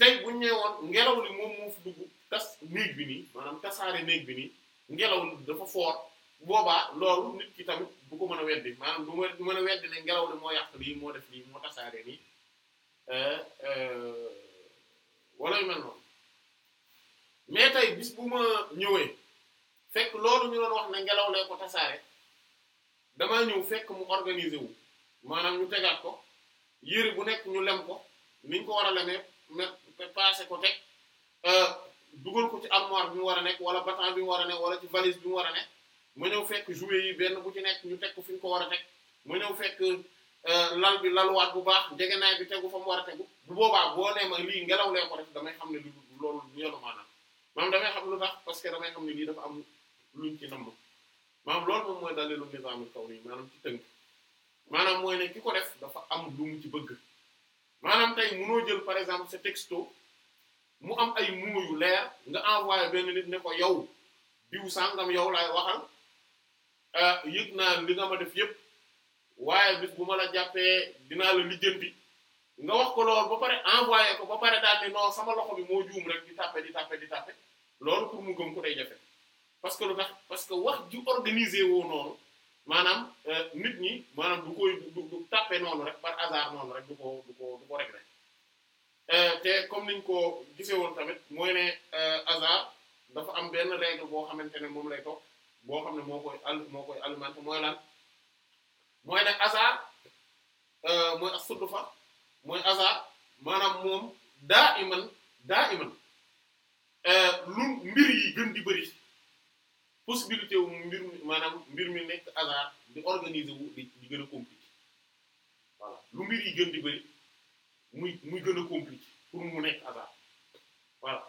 tey buñ ne woon ngelaw li moom moo fi dugg tas néeg bi nii maanaam tasaare néeg bi nii ngelaw li dafa foor boobaa loolu nit ki tamit bu ko mën a weddi maanaam du mën a weddi ne ngelaw li moo yàq lii moo def lii moo tasaare nii Euh, euh, wala yu mel noonu mais tey bis bu ma ñëwee fekk loolu ñu doon wax na ngelaw lay ko tasaare damay ñëw fekk mu organiser wu maanaam ñu tegaat ko yére bu nekk ñu lem ko niñ ko war a lemee mais passé ko teg euh, dugal ko ci armoire bi ñu war a nekk wala batan bi mu war a nekk wala ci valise bi mu war a nekk ma ñëw fekk jouet yi benn bu ci nekk ñu teg ko fi ñu ko war a teg ma ñëw fekk Euh, lal bi laluwaat bu baax naa bi tegu fa mu war a tegu bu boobaa boo nee ma lii ngelaw lee ko def damay xam ne li loolu ñeelu maanaam maanaam damay xam lu tax parce que damay xam ne lii dafa am luñ maanaam loolu moom mooy dalilu nizaamul kawni maanaam ci tënk ki ko def dafa am lu mu ci bëgg maanaam tay tey munoo jël par exemple sa texto mu am ay mots yu leer nga envoyé benn nit ne ko yow diw sangam yow laay waxal euh, yëg naa li nga ma def yëpp waaye bis bu ma la jàppee dinaa la bi nga wax ko loolu ba pare envoyé ko ba pare daal ni sama loxo bi moo juum rek di tàppe di tàppe di tàppe loolu pour mu gëm ko day jafe parce que lu tax parce que wax ju organisé woo noonu maanaam euh, nit ñi maanaam du koy du du noonu rek par hasard noonu rek du ko du ko du ko euh, te comme niñ ko gisee woon tamit mooy ne euh, hasard dafa am benn règle boo xamante ne moom lay toog boo xam ne moo koy al moo koy alimenté mooy mooy ne hasard euh, mooy as-sudfa mooy hasard maanaam moom daa iman daa iman euh, lu mbir yi gën di bëri possibilité wu mbir mi maanaam mbir mi nekk hasard di organiser wu di gën a mbir yi gën di bëri muy muy gën a compliqué pour mu nekk hasard voilà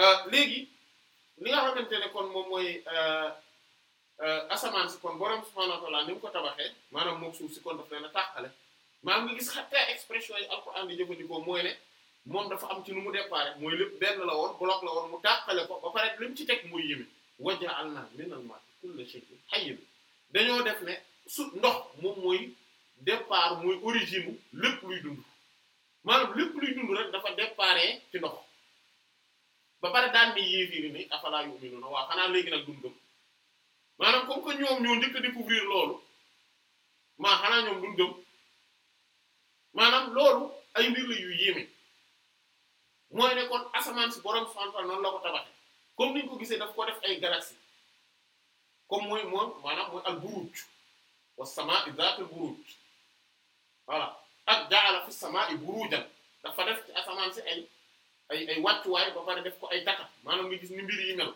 euh, léegi li nga xamante ne kon moom mooy. Euh, asamaan si kon borom subhaanahu wa ta'aala ni mu ko tabaxee maanaam moom suuf si kon daf leen a tàqale maanaam nga gis xataa expression yi alquran di jëfandikoo mooy ne moom dafa am ci nu mu déparé mooy lépp benn la woon bloc la woon mu tàqale ko ba pare li mu ci teg mooy yéeme waja'alnaa minal maa'i kulla shay'in hayy dañoo def ne su ndox moom mooy départ mooy origine lépp luy dund maanaam lépp luy dund rek dafa déparé ci ndox ba pare daan di yéefiri ni afalaa yu'minuuna maanaam comme que ñoom ñoo njëkk a découvrir loolu maa xanaa ñoom duñ gëm maanaam loolu ay mbir yu yéeme mooy ne kon asamaan si borom fantal noonu la ko tabaxee comme niñ ko gisee daf ko def ay galaxie comme mooy moom maanaam mooy al buruj wa samaa'i zaatil buruj voilà ak ja'ala fi samaa'i burujan dafa def ci asamaan si ay ay ay wàccuwaay ba pare def ko ay data maanaam nga gis ni mbir yi mel.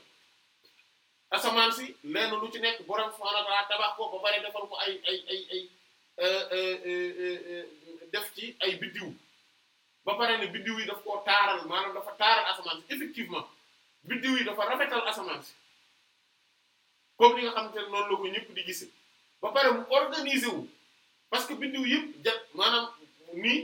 asamaan si lenn lu ci nekk borom subhaanahu wa ta'aala tabax ko ba pare defal ko ay ay ay ay euh, euh, euh, def ci ay biddiw ba pare ne biddiw yi daf koo taaral maanaam dafa taaral asamaan si effectivement biddiw yi dafa rafetal asamaan si comme li nga xamante ne noonu la ko ñëpp di gise ba pare mu organiser wu parce que biddiw yi jant maanaam nii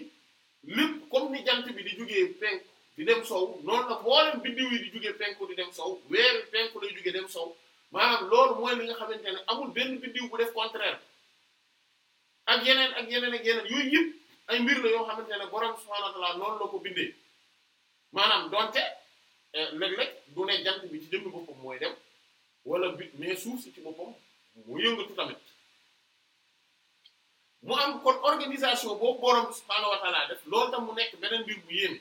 lépp comme ni jant bi di jógee penk di dem sow noonu la mboolem biddiw yi di jóge penku di dem sow weer penku lay jugee dem sow maanaam loolu mooy li nga xamante ne amul benn biddiw bu def contraire ak yeneen ak yeneen ak yeneen yooyu yëpp ay mbir la yoo xamante ne borom subhaanahu wa ta'aala noonu la ko bindee maanaam donte eh, léeg-léeg du ne jant bi ci jëmmi boppam mooy dem wala bi mais suuf si ci boppam mu yëngatu tamit mu am kon organisation boobu borom subhaanahu wa def loolu tam mu nekk beneen mbir bu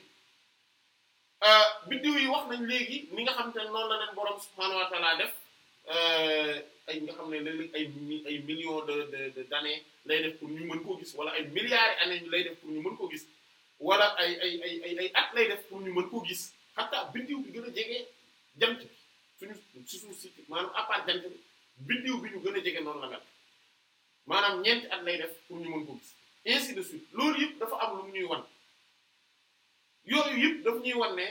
Euh, biddiw yi wax nañ léegi ni nga xamante ne noonu la leen borom subhaanahu wa ta'ala def euh, ay nga xam ne léeg-léeg ay ay millions de de d'années lay def pour ñu mën koo gis wala ay milliards d'années lay def pour ñu mën koo gis wala ay ay ay ay ay at lay def pour ñu mën koo gis hatta biddiw bi gën a jege jant bi suñu si suuf si maanaam à part bi biddiw bi ñu gën a jege noonu la mel maanaam ñeenti at lay def pour ñu mën koo gis ainsi de suite loolu yëpp dafa am lu mu ñuy wan. yooyu yëpp daf ñuy wan ne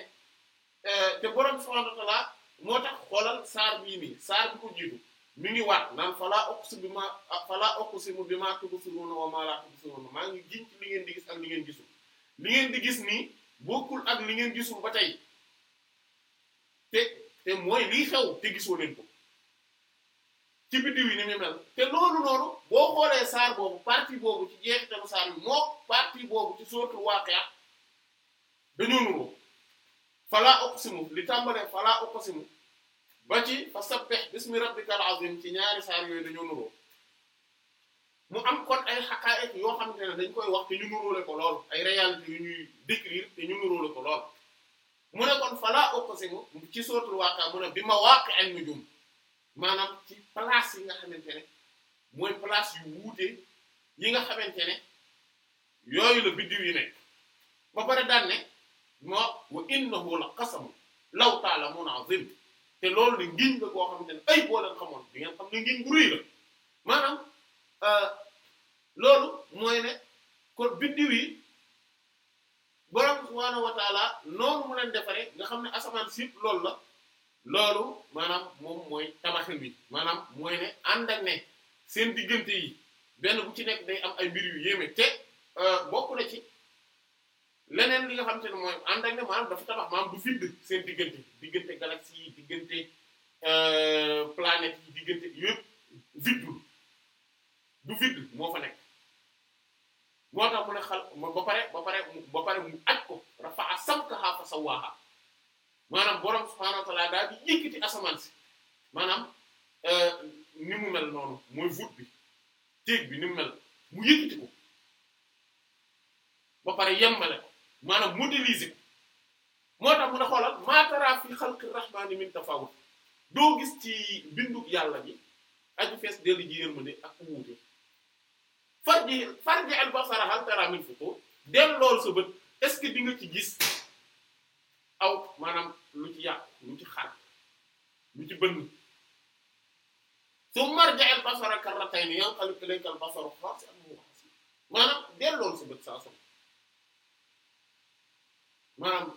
euh, te borom subhanahu moo tax xoolal saar bii nii saar bi ko jiitu mi ngi waat naan falaa uqsimu bimaa falaa uqsimu bimaa tubsiruuna wa maa laa tubsiruuna maa ngi giñ ci li ngeen di gis ak li ngeen gisul li ngeen di gis nii bokkul ak li ngeen gisul ba tey te te mooy lii xew te gisoo ko ci biddiw yi ni mu mel te loolu noonu boo xoolee saar boobu partie boobu ci jeexitalu saar bi moo partie dañoo nuroo falaa uqsimu li tàmbalee falaa uqsimu ba ci fa sabbih bismi rabbikal azim ci ñaari saar yooyu dañoo nuroo mu am kon ay xaqaa'iq yoo xamante ne dañ koy wax te ñu nuróole ko lool ay réalités yu ñuy décrire te ñu nuróole ko lool mu ne kon falaa uqsimu ci suratul waaqa bi ma bi mawaaqi'in nujum maanaam ci place yi nga xamante ne mooy place yu wuute yi nga xamante ne yooyu la biddiw yi nekk ba pare daan moo wa innahu la qasamun law ta'lamun azim te loolu di ngiñ la koo xamante ne ay boo leen xamoon di ngeen xam ne ngiñ bu rëy la euh, loolu mooy ne kon biddiw yi borom subhaanahu wa taala noonu mu leen defaree nga xam ne asamaan si loolu la loolu maanaam moom mooy tabaxin bi maanaam mooy ne ànd ak ne seen diggante yi benn bu ci nekk day am ay mbir yu yéeme te euh, bokk na ci leneen li la xam te ne mooy ànd ak ne maanaam dafa tabax maanaam du find seen diggante diggante galaxie yi diggante euh, planète yi diggante yëpp viddu du viddu moo fa nekk moo tax mu ne xal ba pare ba pare ba pare mu aj ko rafa'a samkaha fa sawwaha maanaam borom subhaanahu wa ta'aala daal di yëkkati asamaan si maanaam euh, ni mu mel noonu mooy voûte bi téeg bi ni mu mel mu yëkkati ko ba pare yemmale maanaam modéliser moo tax mun a xoolal maatara fi xalqi rahmaani min tafawut doo gis ci bindu yàlla bi aju fees dellu ji de ak wuute farji farji al basara hal tara min futur dellool sa bët est-ce que di nga ci gis aw maanaam lu ci yàq lu ci xar lu ci bënn su marja al basara karratayni yanqalib ilayka al basaru xaasi'an wa xasiira maanaam dellool sa bët saa sama maanaam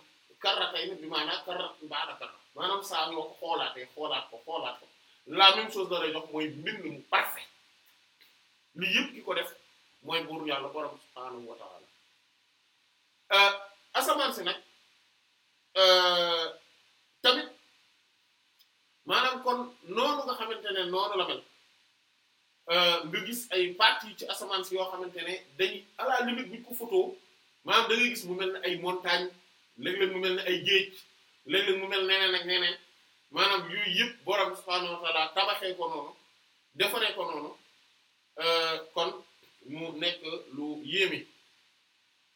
karratayni bi maanaam karrat ba'da karra maanaam saa yoo ko xoolaatee xoolaat ko xoolaat ko laa même chose la lay jox mooy mbind mu parfait li yëpp ki ko def mooy buur yàlla boroom subhaanahu wa ta'ala euh, asamaan si nag euh, tamit maanaam kon noonu nga xamante ne noonu la mel euh, nga gis ay parties ci asamaan si yoo xamante ne dañuy à la limite buñ ko photo maanaam da gis mu mel ne ay montagne léegi léeg mu mel ni ay géej léeg-léeg mu mel neneen ak neneen maanaam yooyu yëpp borom subhaanahu wa tabaxee ko noonu defaree ko noonu euh, kon mu nekk lu yéeme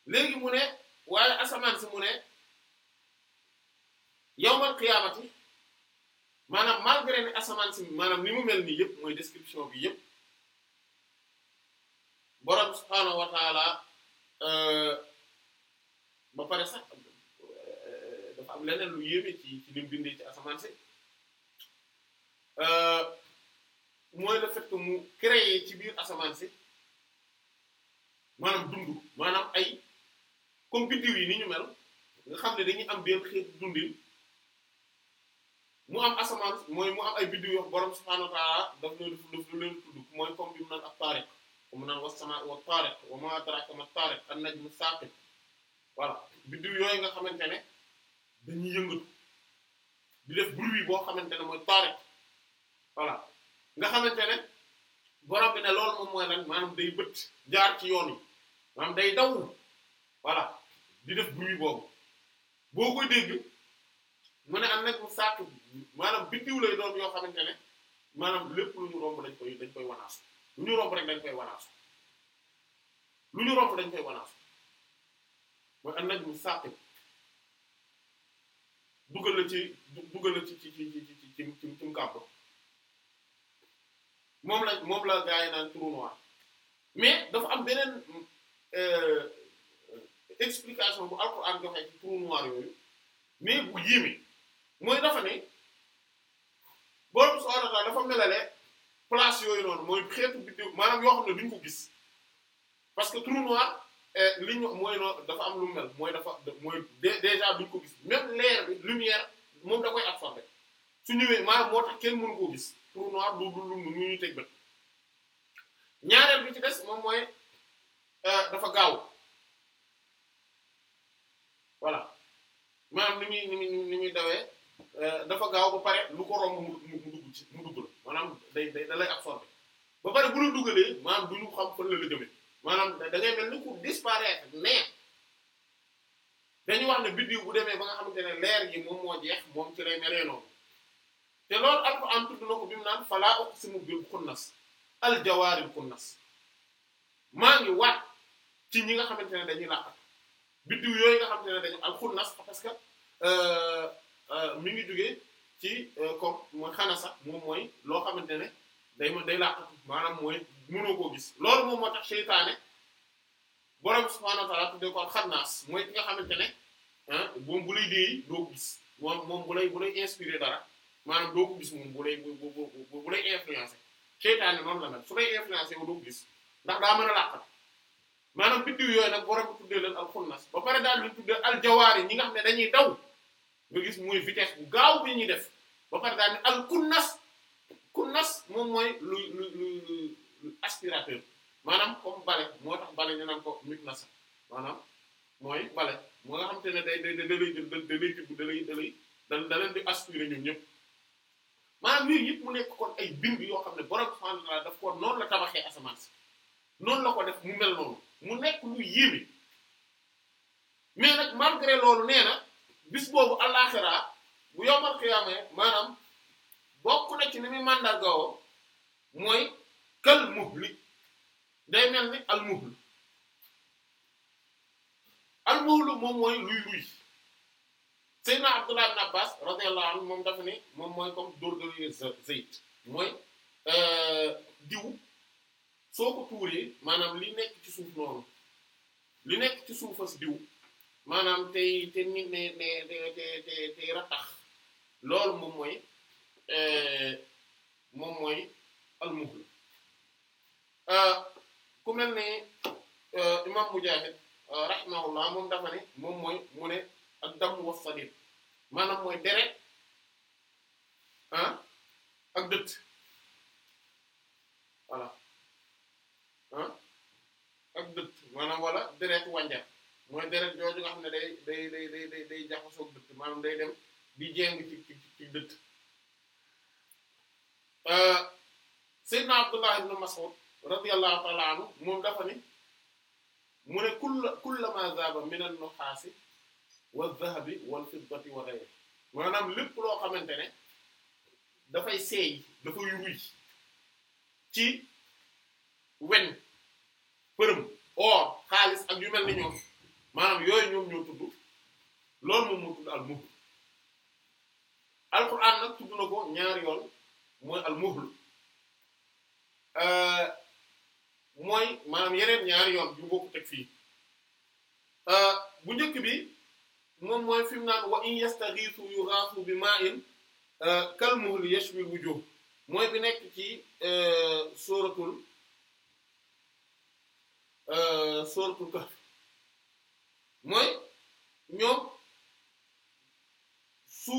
léegi mu ne waaye asamaan si mu ne yawmal qiyaamati maanaam malgré ne asamaan si maanaam ni mu mel nii yépp mooy description bi yëpp borom subhaanahu wa euh, ba pare sax am leneen lu yéeme ci ci li mu bindee ci asamaan si euh, mooy le fait que mu créer ci biir asamaan si maanaam dund maanaam ay comme biddiw yi ni ñu mel nga xam ne dañuy am benn xeetu dundin mu am asamaan mooy mu am ay biddiw yoo borom subhaanahu wa daf leen daf leen tudd mooy comme bi mu naan at-taariq comme mu naan was-samaa wat-taariq wa maa adraaka mat-taariq biddiw yooyu nga xamante ne. dañuy yëngatu di def bruit boo xamante ne mooy taare voilà nga xamante ne borom bi ne loolu moom mooy lan maanaam day bët jaar ci yoon yi maanaam day daw voilà di def bruit boobu boo koy dégg mu ne am nag mu saatu maanaam biddiw lay doon yoo xamante ne maanaam lépp lu ñu romb dañ koy dañ koy wanaasu lu ñu dañ koy wanaasu lu dugal la ci dugal la ci ci ci ci ci ci ci mu kàbb moom la moom la gars yi naan trou noir mais dafa am beneen euh, explication bu Alxuraan joxe ci trou noir yooyu mais bu yéeme mooy dafa boo borom subhaanahu wa ta'aala dafa melale place yooyu noonu mooy xeetu biddiw maanaam yoo xam ne duñ ko gis parce que trou noir. li ñu mooy noo dafa am lu mel mooy dafa mooy déjà duñ ko gis même leer bi lumière moom da koy absorbé su ñëwee maanaam moo tax kenn mënu koo gis trou noir du du lu mu ñuy teg bët ñaareel bi ci des moom mooy euh, dafa gaaw voilà maanaam ni ñuy ni muy nu ñuy dawee euh, dafa gaaw ba pare lu ko romb mu mu dugg ci mu dugg la maanaam day day da lay absorbé ba pare bu la duggalee maanaam du ñu xam fan la la maanaam da ngay mel ni ku disparaître mais dañu wax ne biddiw bu demee ba nga xamante ne leer yi moom moo jeex moom ci lay meree noonu te loolu Alxuraan tudd na ko bi mu naan falaa uqsimu bil xunnas al jawaaril xunnas maa ngi waat ci ñi nga xamante ne dañuy làqat biddiw yooyu nga xamante ne dañu al xunnas parce que euh, euh, mi ngi jógee ci euh, comme mooy xanasa moom mooy loo xamante ne day ma day làqatu maanaam mooy mënoo koo gis loolu moom moo tax seytaane borom subhaanahu wa ta'aala tuddee ko al mooy ki nga xamante ne ah, moom bu lay dee doo bu lay bu lay inspiré doo ko gis moom bu lay bu bu bu lay noonu la mel su lay influencé yow doo ko gis ndax daa mën a làqatu maanaam biddiw yooyu nag borom bi tuddee leen al xannaas ba pare daal di tuddee al yi ñi nga xam ne dañuy daw nga gis muy vitesse bu gaaw bi ñuy def ba pare daal di al nas moom mooy luy luy luy aspirateur maanaam comme bale moo tax bale ñu naan ko mit nasa maanaam mooy bale moo nga xam te ne day day da lay jël da lay tibb da lay da di aspirer ñoom ñëpp maanaam lii yëpp mu nekk kon ay bind yoo xam ne borom subhaanahu wa daf ko noonu la tabaxee asamaan si noonu la ko def mu mel noonu mu nekk lu yéeme mais nag malgré loolu nee na bis boobu àllaaxira bu yombal xiyaama maanaam bokk na ci ni muy màndargawoo mooy kël muhli day mel ni al muhl al muhlu moom mooy luy luy Seydina Abdullah ibn Abbas radiyallahu anhu moom dafa ni moom mooy comme dóorgaluye zayt mooy diw soo ko tuuree maanaam li nekk ci suuf noonu li nekk ci suufas diw maanaam tey te tey rattax loolu moom mooy Euh, moom mooy almuhlu euh, ku mel ne euh, imam Mujaahid rahimahullah moom dafa ne moom mooy mu ne ak damm wa sadid maanaam mooy deret ak dëtt voilà ak dëtt maanaam wala deret wànjar mooy deret jooju nga xam ne day day day day day jaxasoo dëtt maanaam day dem di jéng ci ci ci Euh, Seydina Abdullah ibn Mas'ud radiyallahu ta'ala anhu moom dafa ni mu ne kulla kullama zaaba min an-nuhaasi wa dhahabi wal fiddati wa ghayri maanaam lépp loo xamante ne dafay seey dafa ruy ci wen përëm or xaalis ak yu mel ni ñoom maanaam yooyu ñoom ñoo tudd loolu moom moo tudd al-muhur al-Qur'an nag tudd na ko ñaari yoon mooy al muhlu euh, mooy maanaam yeneen ñaari yoon yu bokku teg fii euh, bu njëkk bi moom mooy fi mu naan wa in yastaghithu yughathu bi ma'in euh, kal muhli yashwi wujuh mooy bi nekk ci suratul suratul kahf mooy ñoom su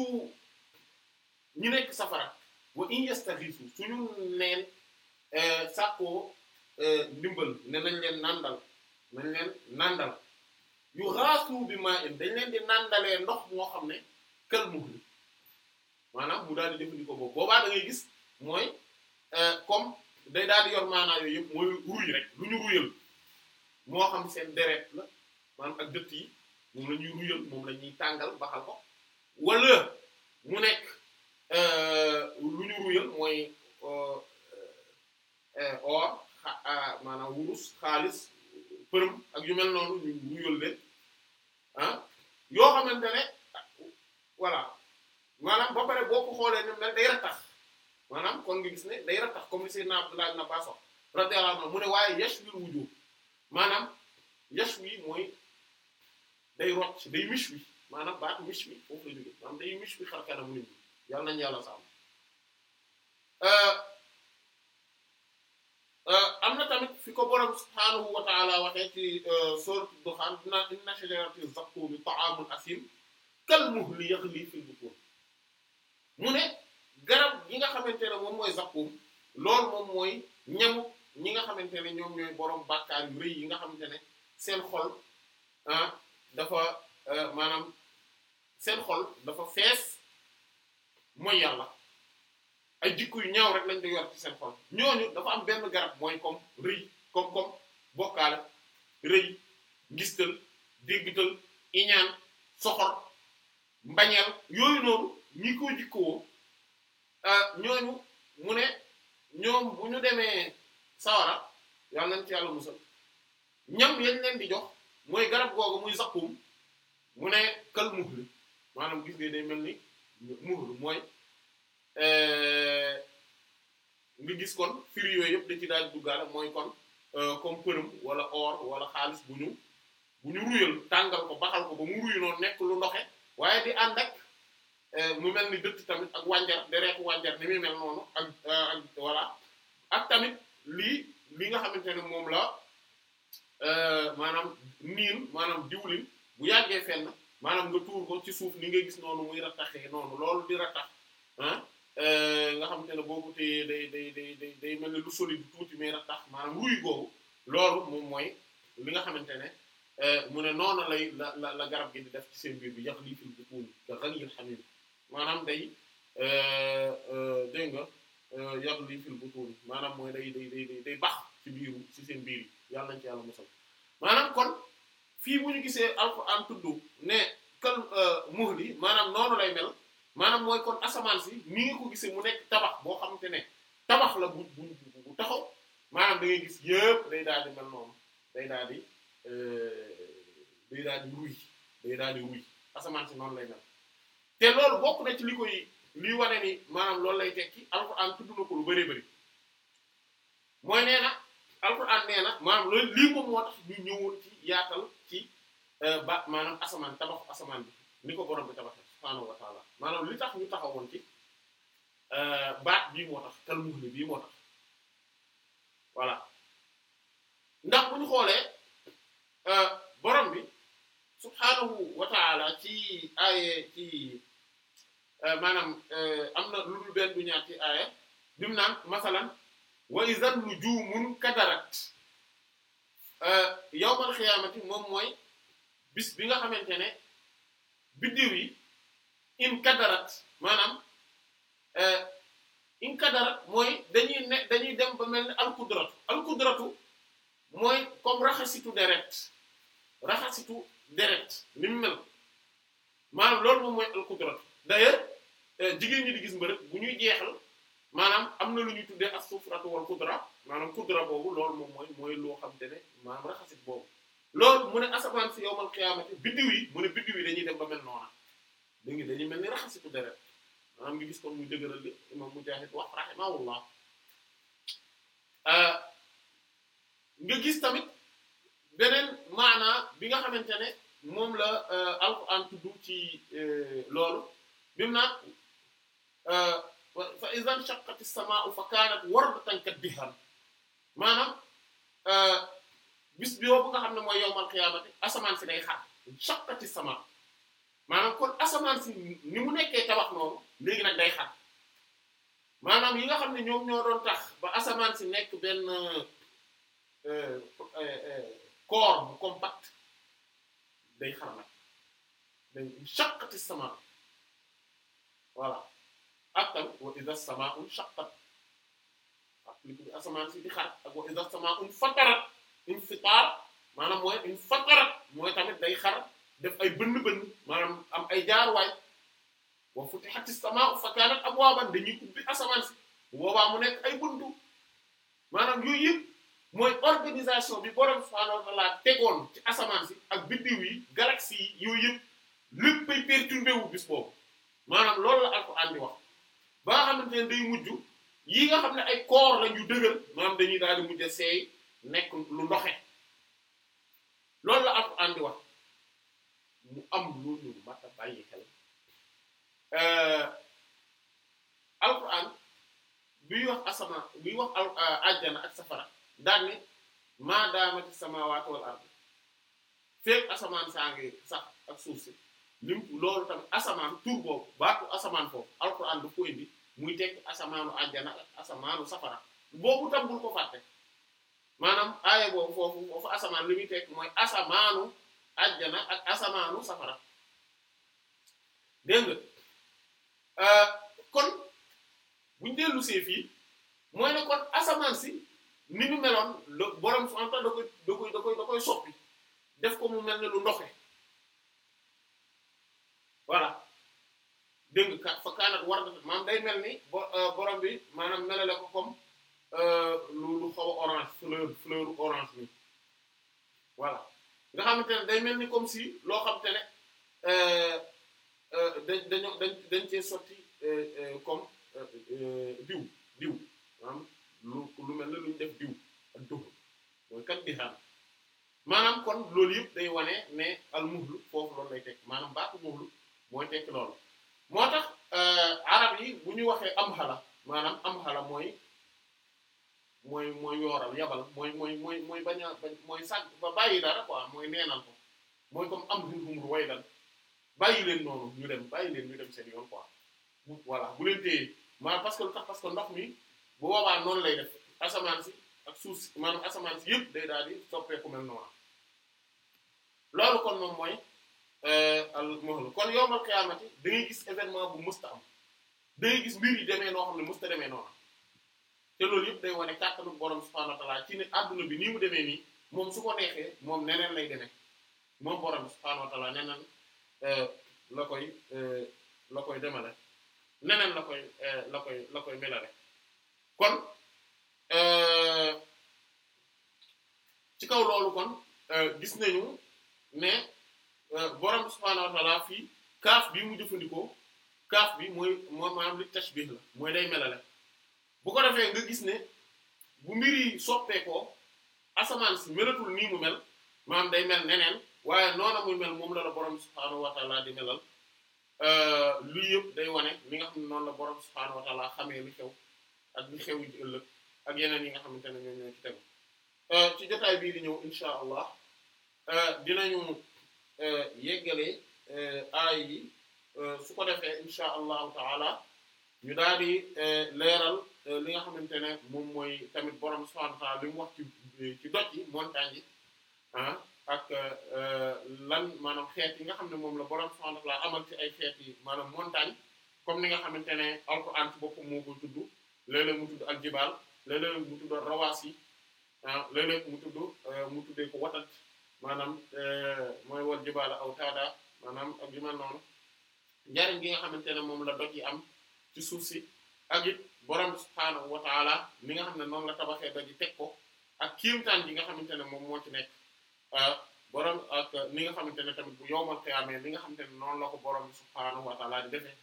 ñu nekk safara wa in yastaxiisu suñu leen eh, sàkkoo eh, ndimbal ne nañ leen nandal nañ leen nandal yu raasu bi maa in dañ leen di nandalee ndox moo xam ne kël muhli maanaam mu daal di jëfandikoo boobu boobaa da gis mooy eh, comme day daal di yor yëpp mooy ruuy rek lu ñu ruyal moo xam seen deret la maanaam ak yi moom la ñuy tàngal baxal ko wala mu nekk Euh, lu ñu ruyal mooy euh, euh, or maanaam wurus xaalis përëm ak yu mel noonu ñu ruyal leen ah yoo xamante ne voilà maanaam ba pare boo ko xoolee ne mel day rattax maanaam kon nga gis ne day rattax comme li Seydina Abdullah ibn Abbas radiyallahu anhu mu ne waaye yashwil wujuh maanaam yashwi mooy day rocc day mish wi maanaam baat mish wi foofu la jógee maanaam day mish wi xar kanamu nit ñi yal nañu yàlla sàmm euh, euh, am na tamit fi ko borom subhaanahu wa ta'ala waxee ci euh, sourate Dukhaan dina inna shajarati zaqqum ta'aamul asiim kal muhli yaghli fil butuun mu ne garab gi nga xamante ne moom mooy zaqqum loolu moom mooy ñamu ñi nga xamante ne ñoom ñooy boroom bàkkaar yu rëy yi nga xamante ne seen xol ah, dafa maanaam seen xol dafa fees. mooy yàlla ay jikko yu ñaaw rek lañ di yor ci seen xol ñooñu dafa am benn garab mooy comme rëy comme comme bokkaale rëy ngistal déggital iñaan soxor mbañeel yooyu noonu ñi ko jikkoo ah, ñooñu mu ne ñoom bu ñu demee sawara yàlla nañ ci yàlla musal ñam yañ leen di jox mooy garab googu muy saqum mu ne kal muhl maanaam gis nga day mel ni muhlu mooy euh, nga gis kon firi yooyu yëpp da ci daal duggaale mooy kon euh, comme përëm wala or wala xaalis bu ñu bu ñu ruyal tàngal ko baxal ko ba mu ruyu noonu nekk lu ndoxe waaye di ànd ak euh, mu mel ni dëtt tamit ak wànjar dereetu wànjar ni muy mel noonu ak ak voilà ak tamit lii li nga xamante ne moom la maanaam niin maanaam diwlin bu yàggee fenn maanaam nga tuur ko ci fuuf ni ngay gis noonu muy rattaxee noonu loolu di rattax ah euh, nga xam te ne boobu téye day day day day day mel ne lu solide tuuti muy rattax maanaam ruy googu loolu moom mooy li nga xamante ne euh, mu ne noonu lay la la la garab gi di def ci seen biir bi yàq lii fi di tuur te ren nga euh, yàq lii fi bu tuur maanaam mooy day day day day bax ci biir ci seen biir yi yàlla nañ ci yàlla mosal maanaam kon. fii bu ñu gisee alquran tudd ne kal euh, muhli maanaam noonu lay mel maanaam mooy kon asamaan si ni nga ko gisee mu nekk tabax boo xamante ne tabax la bu bu bu taxaw maanaam da gis yëpp day daal di mel noonu day daal di euh, day daal di ruy day daal di ruy asamaan si noonu lay mel te loolu bokk na ci li koy liy wane ni maanaam loolu lay tekki alquran tudd na ko lu bëree bëri mooy nee na alquran nee na maanaam loolu lii moom moo tax ñu ñëwoon ci yaatal. Euh, baat maanaam asamaan tabaxu asamaan bi ni ko borom bi tabaxee subhaanahu wa maanaam li tax ñu taxawoon ci euh, baat bii moo tax kal muhli bii moo tax voilà ndax bu xoolee euh, borom bi subhaanahu wa ci aaye ci maanaam am na lu dul benn du ñaar ci aaye bi mu naan masalan wa izan nujumun kadarat yawmal xiyaamati moom mooy bis bi nga xamante ne biddiw yi in kadarat maanaam eh, in kadarat mooy dañuy ne dañuy dem ba mel ne alkudratu alkudratu mooy comme raxasitu deret raxasitu deret ni mu mel maanaam loolu moom mooy alkudratu d'ailleurs eh, jigéen ñi di gis mbërëg bu ñuy jeexal maanaam am na lu ñuy tuddee as-sufratu wal kudra maanaam kudra boobu loolu moom mooy mooy xam te maanaam raxasit boobu loolu mu ne asamaan si yowmal xiyaamati biddiw yi mu ne biddiw yi dañuy dem ba mel noona léegi dañuy mel ni raxasitu deret ngi gis kon mu dëgëral li imam Mujaahid wax rahimahullah euh, nga gis tamit beneen maanaa bi nga xamante ne moom la euh, alquran tudd ci euh, loolu bi mu naan fa izaa shaqqati samaa'u fa kaanat wardatan kaddihaan maanaam bis bi boobu nga xam ne mooy yowmal xiyaamati asamaan si day xar shaqqati sama maanaam kon asamaan si ni mu nekkee tabax noonu léegi nag day xar maanaam yi nga xam ne ñoom ñoo doon tax ba asamaan si nekk benn euh, euh, euh, corps bu compact day xar nag day shaqqati sama voilà ak tamit wa idha as-samaa'u shaqqat ak li asamaan infitaar maana mooy infatarat mooy tamit day xar def ay bënn-bënn maanaam am ay jaarwaay wa futihati samaa'u fa kaanat abwaaban dañuy ubbi asamaan si bu boobaa mu nekk ay buntu maanaam yooyu yëpp mooy organisation bi borom subhaanahu wa ta'aala tegoon ci asamaan si ak biddiw yi galaxie yi yooyu yëpp léppay perturbé wu bis boobu maanaam loolu la alxuraan di wax ba nga xamante ne day mujj yi nga xam ne ay koor lañ yu dëgër maanaam dañuy daal di mujj seey nekk lu ndoxe loolu la alquran di wax mu am lu mat a bàyyi xel euh, alquran buy wax buy wax al ajjana euh, ak safara daan ne maa daamati samaawaatu wal ardi feeg asamaan saa ngi sax ak suuf si lim loolu tamit asamaan tur boobu baatu asamaan foofu alquran du ko indi muy tekki asamaanu ajjana ak asamaanu safara boobu tam bul ko fàtte. maanaam aaya boobu foofu foofu asamaan li muy teg mooy asamaanu ajjana ak asamaanu safara dégg nga euh, kon buñ dellu see fii mooy ne asamaan si ni ñu meloon le borom su en temps da koy da koy da koy soppi def ko mu mel ni lu ndoxe voilà dégg nga fa kaanat war maanaam day mel ni euh, borom bi maanaam melale ko comme. Euh, lu lu xaw orange fleur fleur orange bi voilà nga xamante ne day mel ni comme si loo xam xamante ne euh, euh, dañ dañ dañ dañ cee sotti comme diw diw maanaam lu mel ne lu ñu def diw ak dugg kat bi xam maanaam kon loolu yëpp day wane ne al muhlu foofu loolu lay tekk maanaam baatu muhlu mooy tekk loolu moo tax arab yi bu ñu waxee am xala maanaam am xala mooy. mooy mooy yooral yabal mooy mooy mooy mooy bañ a mooy sàgg ba bàyyi dara quoi mooy neenal ko mooy comme am duñ ko way dal bàyyi leen noonu ñu dem bàyyi leen ñu dem seen yoon quoi voilà bu leen téye maanaam parce que lu tax parce que ndox mi bu boobaa noonu lay def asamaan si ak suus man maanaam asamaan si yëpp day daal di soppeeku mel noonu loolu kon moom mooy euh, al moom kon yombal xiyaamati da ngay gis événement bu musta am da gis mbir yi demee noo xam ne musta demee noonu. te loolu yëpp day wane kàttanu borom subhaanahu wa ta'aala ci ne adduna bi nii mu demee nii moom su ko neexee moom neneen lay demee moom borom subhaanahu wa euh, euh, neneen la koy la koy demale la koy la koy la koy melale kon euh, ci kaw loolu kon gis nañu ne borom subhaanahu wa fii kaaf bi mu jëfandikoo kaaf bi mooy moo maanaam li tashbih la mooy day melale. bu ko defee nga gis ne bu mbir soppeekoo asamaan si melatul nii mu mel maanaam day mel neneen waaye noona muy mel moom la la borom subhaanahu wa di melal euh, lu yëpp day wane li nga xam ne noonu la borom subhaanahu wa taala xamee lu xew ak lu xew yeneen yi nga xamante ne ñoom euh, bii di ñëw insha allah euh, dinañu su ko defee insha allahu taala ñu daal di leeral. li nga xamante ne moom mooy tamit borom subhanahu wa ta'ala wax ci ci doj yi montagne yi ah ak euh, lan maanaam xeet yi nga xam ne moom la borom subhanahu wa ta'ala amal ci ay xeet yi maanaam montagne comme ni nga xamante ne alquran ci boppam moo koy tudd léeg-léeg mu tudd aljibaal léeg-léeg mu tudd yi ah léeg-léeg mu tudd euh, mu tuddee ko watat maanaam euh, mooy wal jibaala aw taada maanaam ak yu mel njariñ gi nga xamante ne moom la doj yi am ci suuf si ak borom bi subhaanahu wa taala nga xam ne noonu la tabaxee daji teg ko ak kiimtaan gi nga xamante ne moom moo ci nekk euh, borom ak ni nga xamante ne tamit bu yowmal qiyaamee li nga xamante ne noonu la ko borom bi subhaanahu wa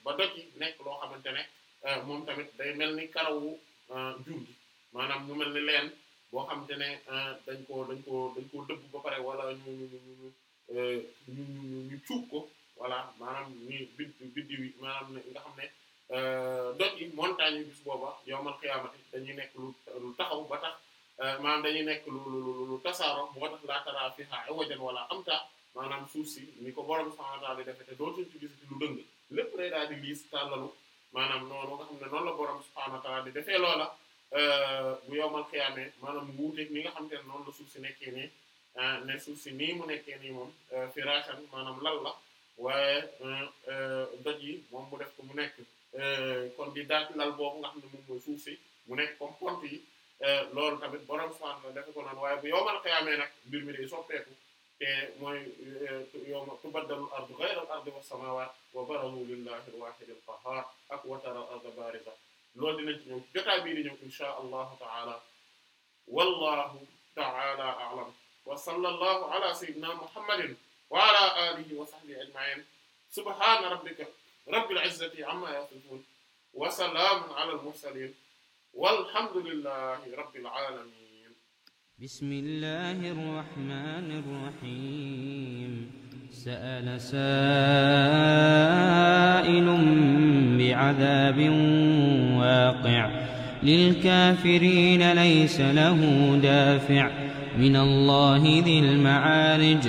ba doj nekk loo xamante ne euh, moom tamit day mel ni karawu euh, jur gi maanaam mu mel ni leen boo xamante ne dañ ko dañ koo dañ koo dëbb ba pare wala ñu ñu ñu ñu cuub ko voilà maanaam ñu bid maanaam nga xam ne Euh, doj yi montagne yi bis booba yowmal xiyaamati dañuy nekk lu lu taxaw ba tax euh, maanaam dañuy nekk lu lu lu tasaaro boo tax laa tara fiha iwajan wala amta maanaam suuf si ni ko borom subhanahu wa ta'ala di defete dootuñ ci gisati lu maanaam noonu nga xam ne noonu la borom subhanahu wa ta'ala di defee loola euh, bu yowmal xiyaamee maanaam wuuteeg ni nga xam te ne noonu la suuf si nekkee nii ne suuf si nii mu nekkee nii moom firaasan maanaam lal la waaye doj yi moom mu def ko mu nekk Euh, kon di daal lal boobu nga xam ne moom mooy suuf si mu nekk comme pont yi euh, loolu tamit borom sant na dafa ko naan waaye bu yowmal qiyaamee nag mbir mi day soppeeku te mooy euh, yowma tubaddalu ardu ghayra al ardi was samaawaat wa barazu lillahi al waahidi al qahhaar ak wa tara al arda baariza loolu dinañ ci ñëw jotaay bii di ñëw insha allahu ta'ala wallahu ta'ala a'lam wa sallallahu ala sayyidina muhammadin wa ala alihi wa sahbihi ajma'in subhana rabbika rabbil izzati amma yasifun wa salaamun alal mursaliin walhamdulillahi rabbil aalamiin bismillahir rahmaanir rahiim sa'ala saa'ilun bi'adaabin waaqi' للكافرين ليس له دافع من الله ذي المعارج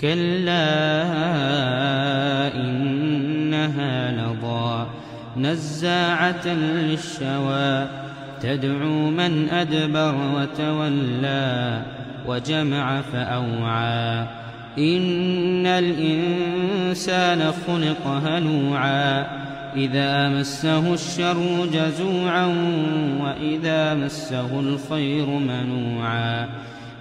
كلا إنها لظى نزاعة للشوى تدعو من أدبر وتولى وجمع فأوعى إن الإنسان خلق هلوعا إذا مسه الشر جزوعا وإذا مسه الخير منوعا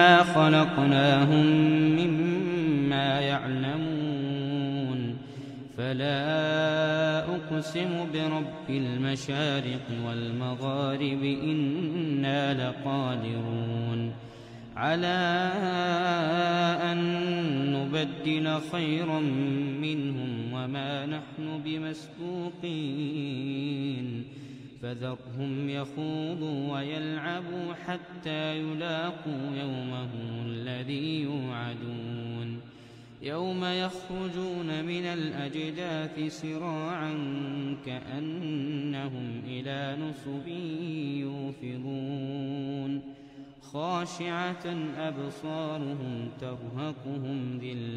إنا خلقناهم مما يعلمون فلا أقسم برب المشارق والمغارب إنا لقادرون على أن نبدل خيرا منهم وما نحن بمسبوقين فذرهم يخوضوا ويلعبوا حتى يلاقوا يومهم الذي يوعدون يوم يخرجون من الأجداث سراعا كأنهم إلى نصب يوفضون خاشعة أبصارهم ترهقهم ذلا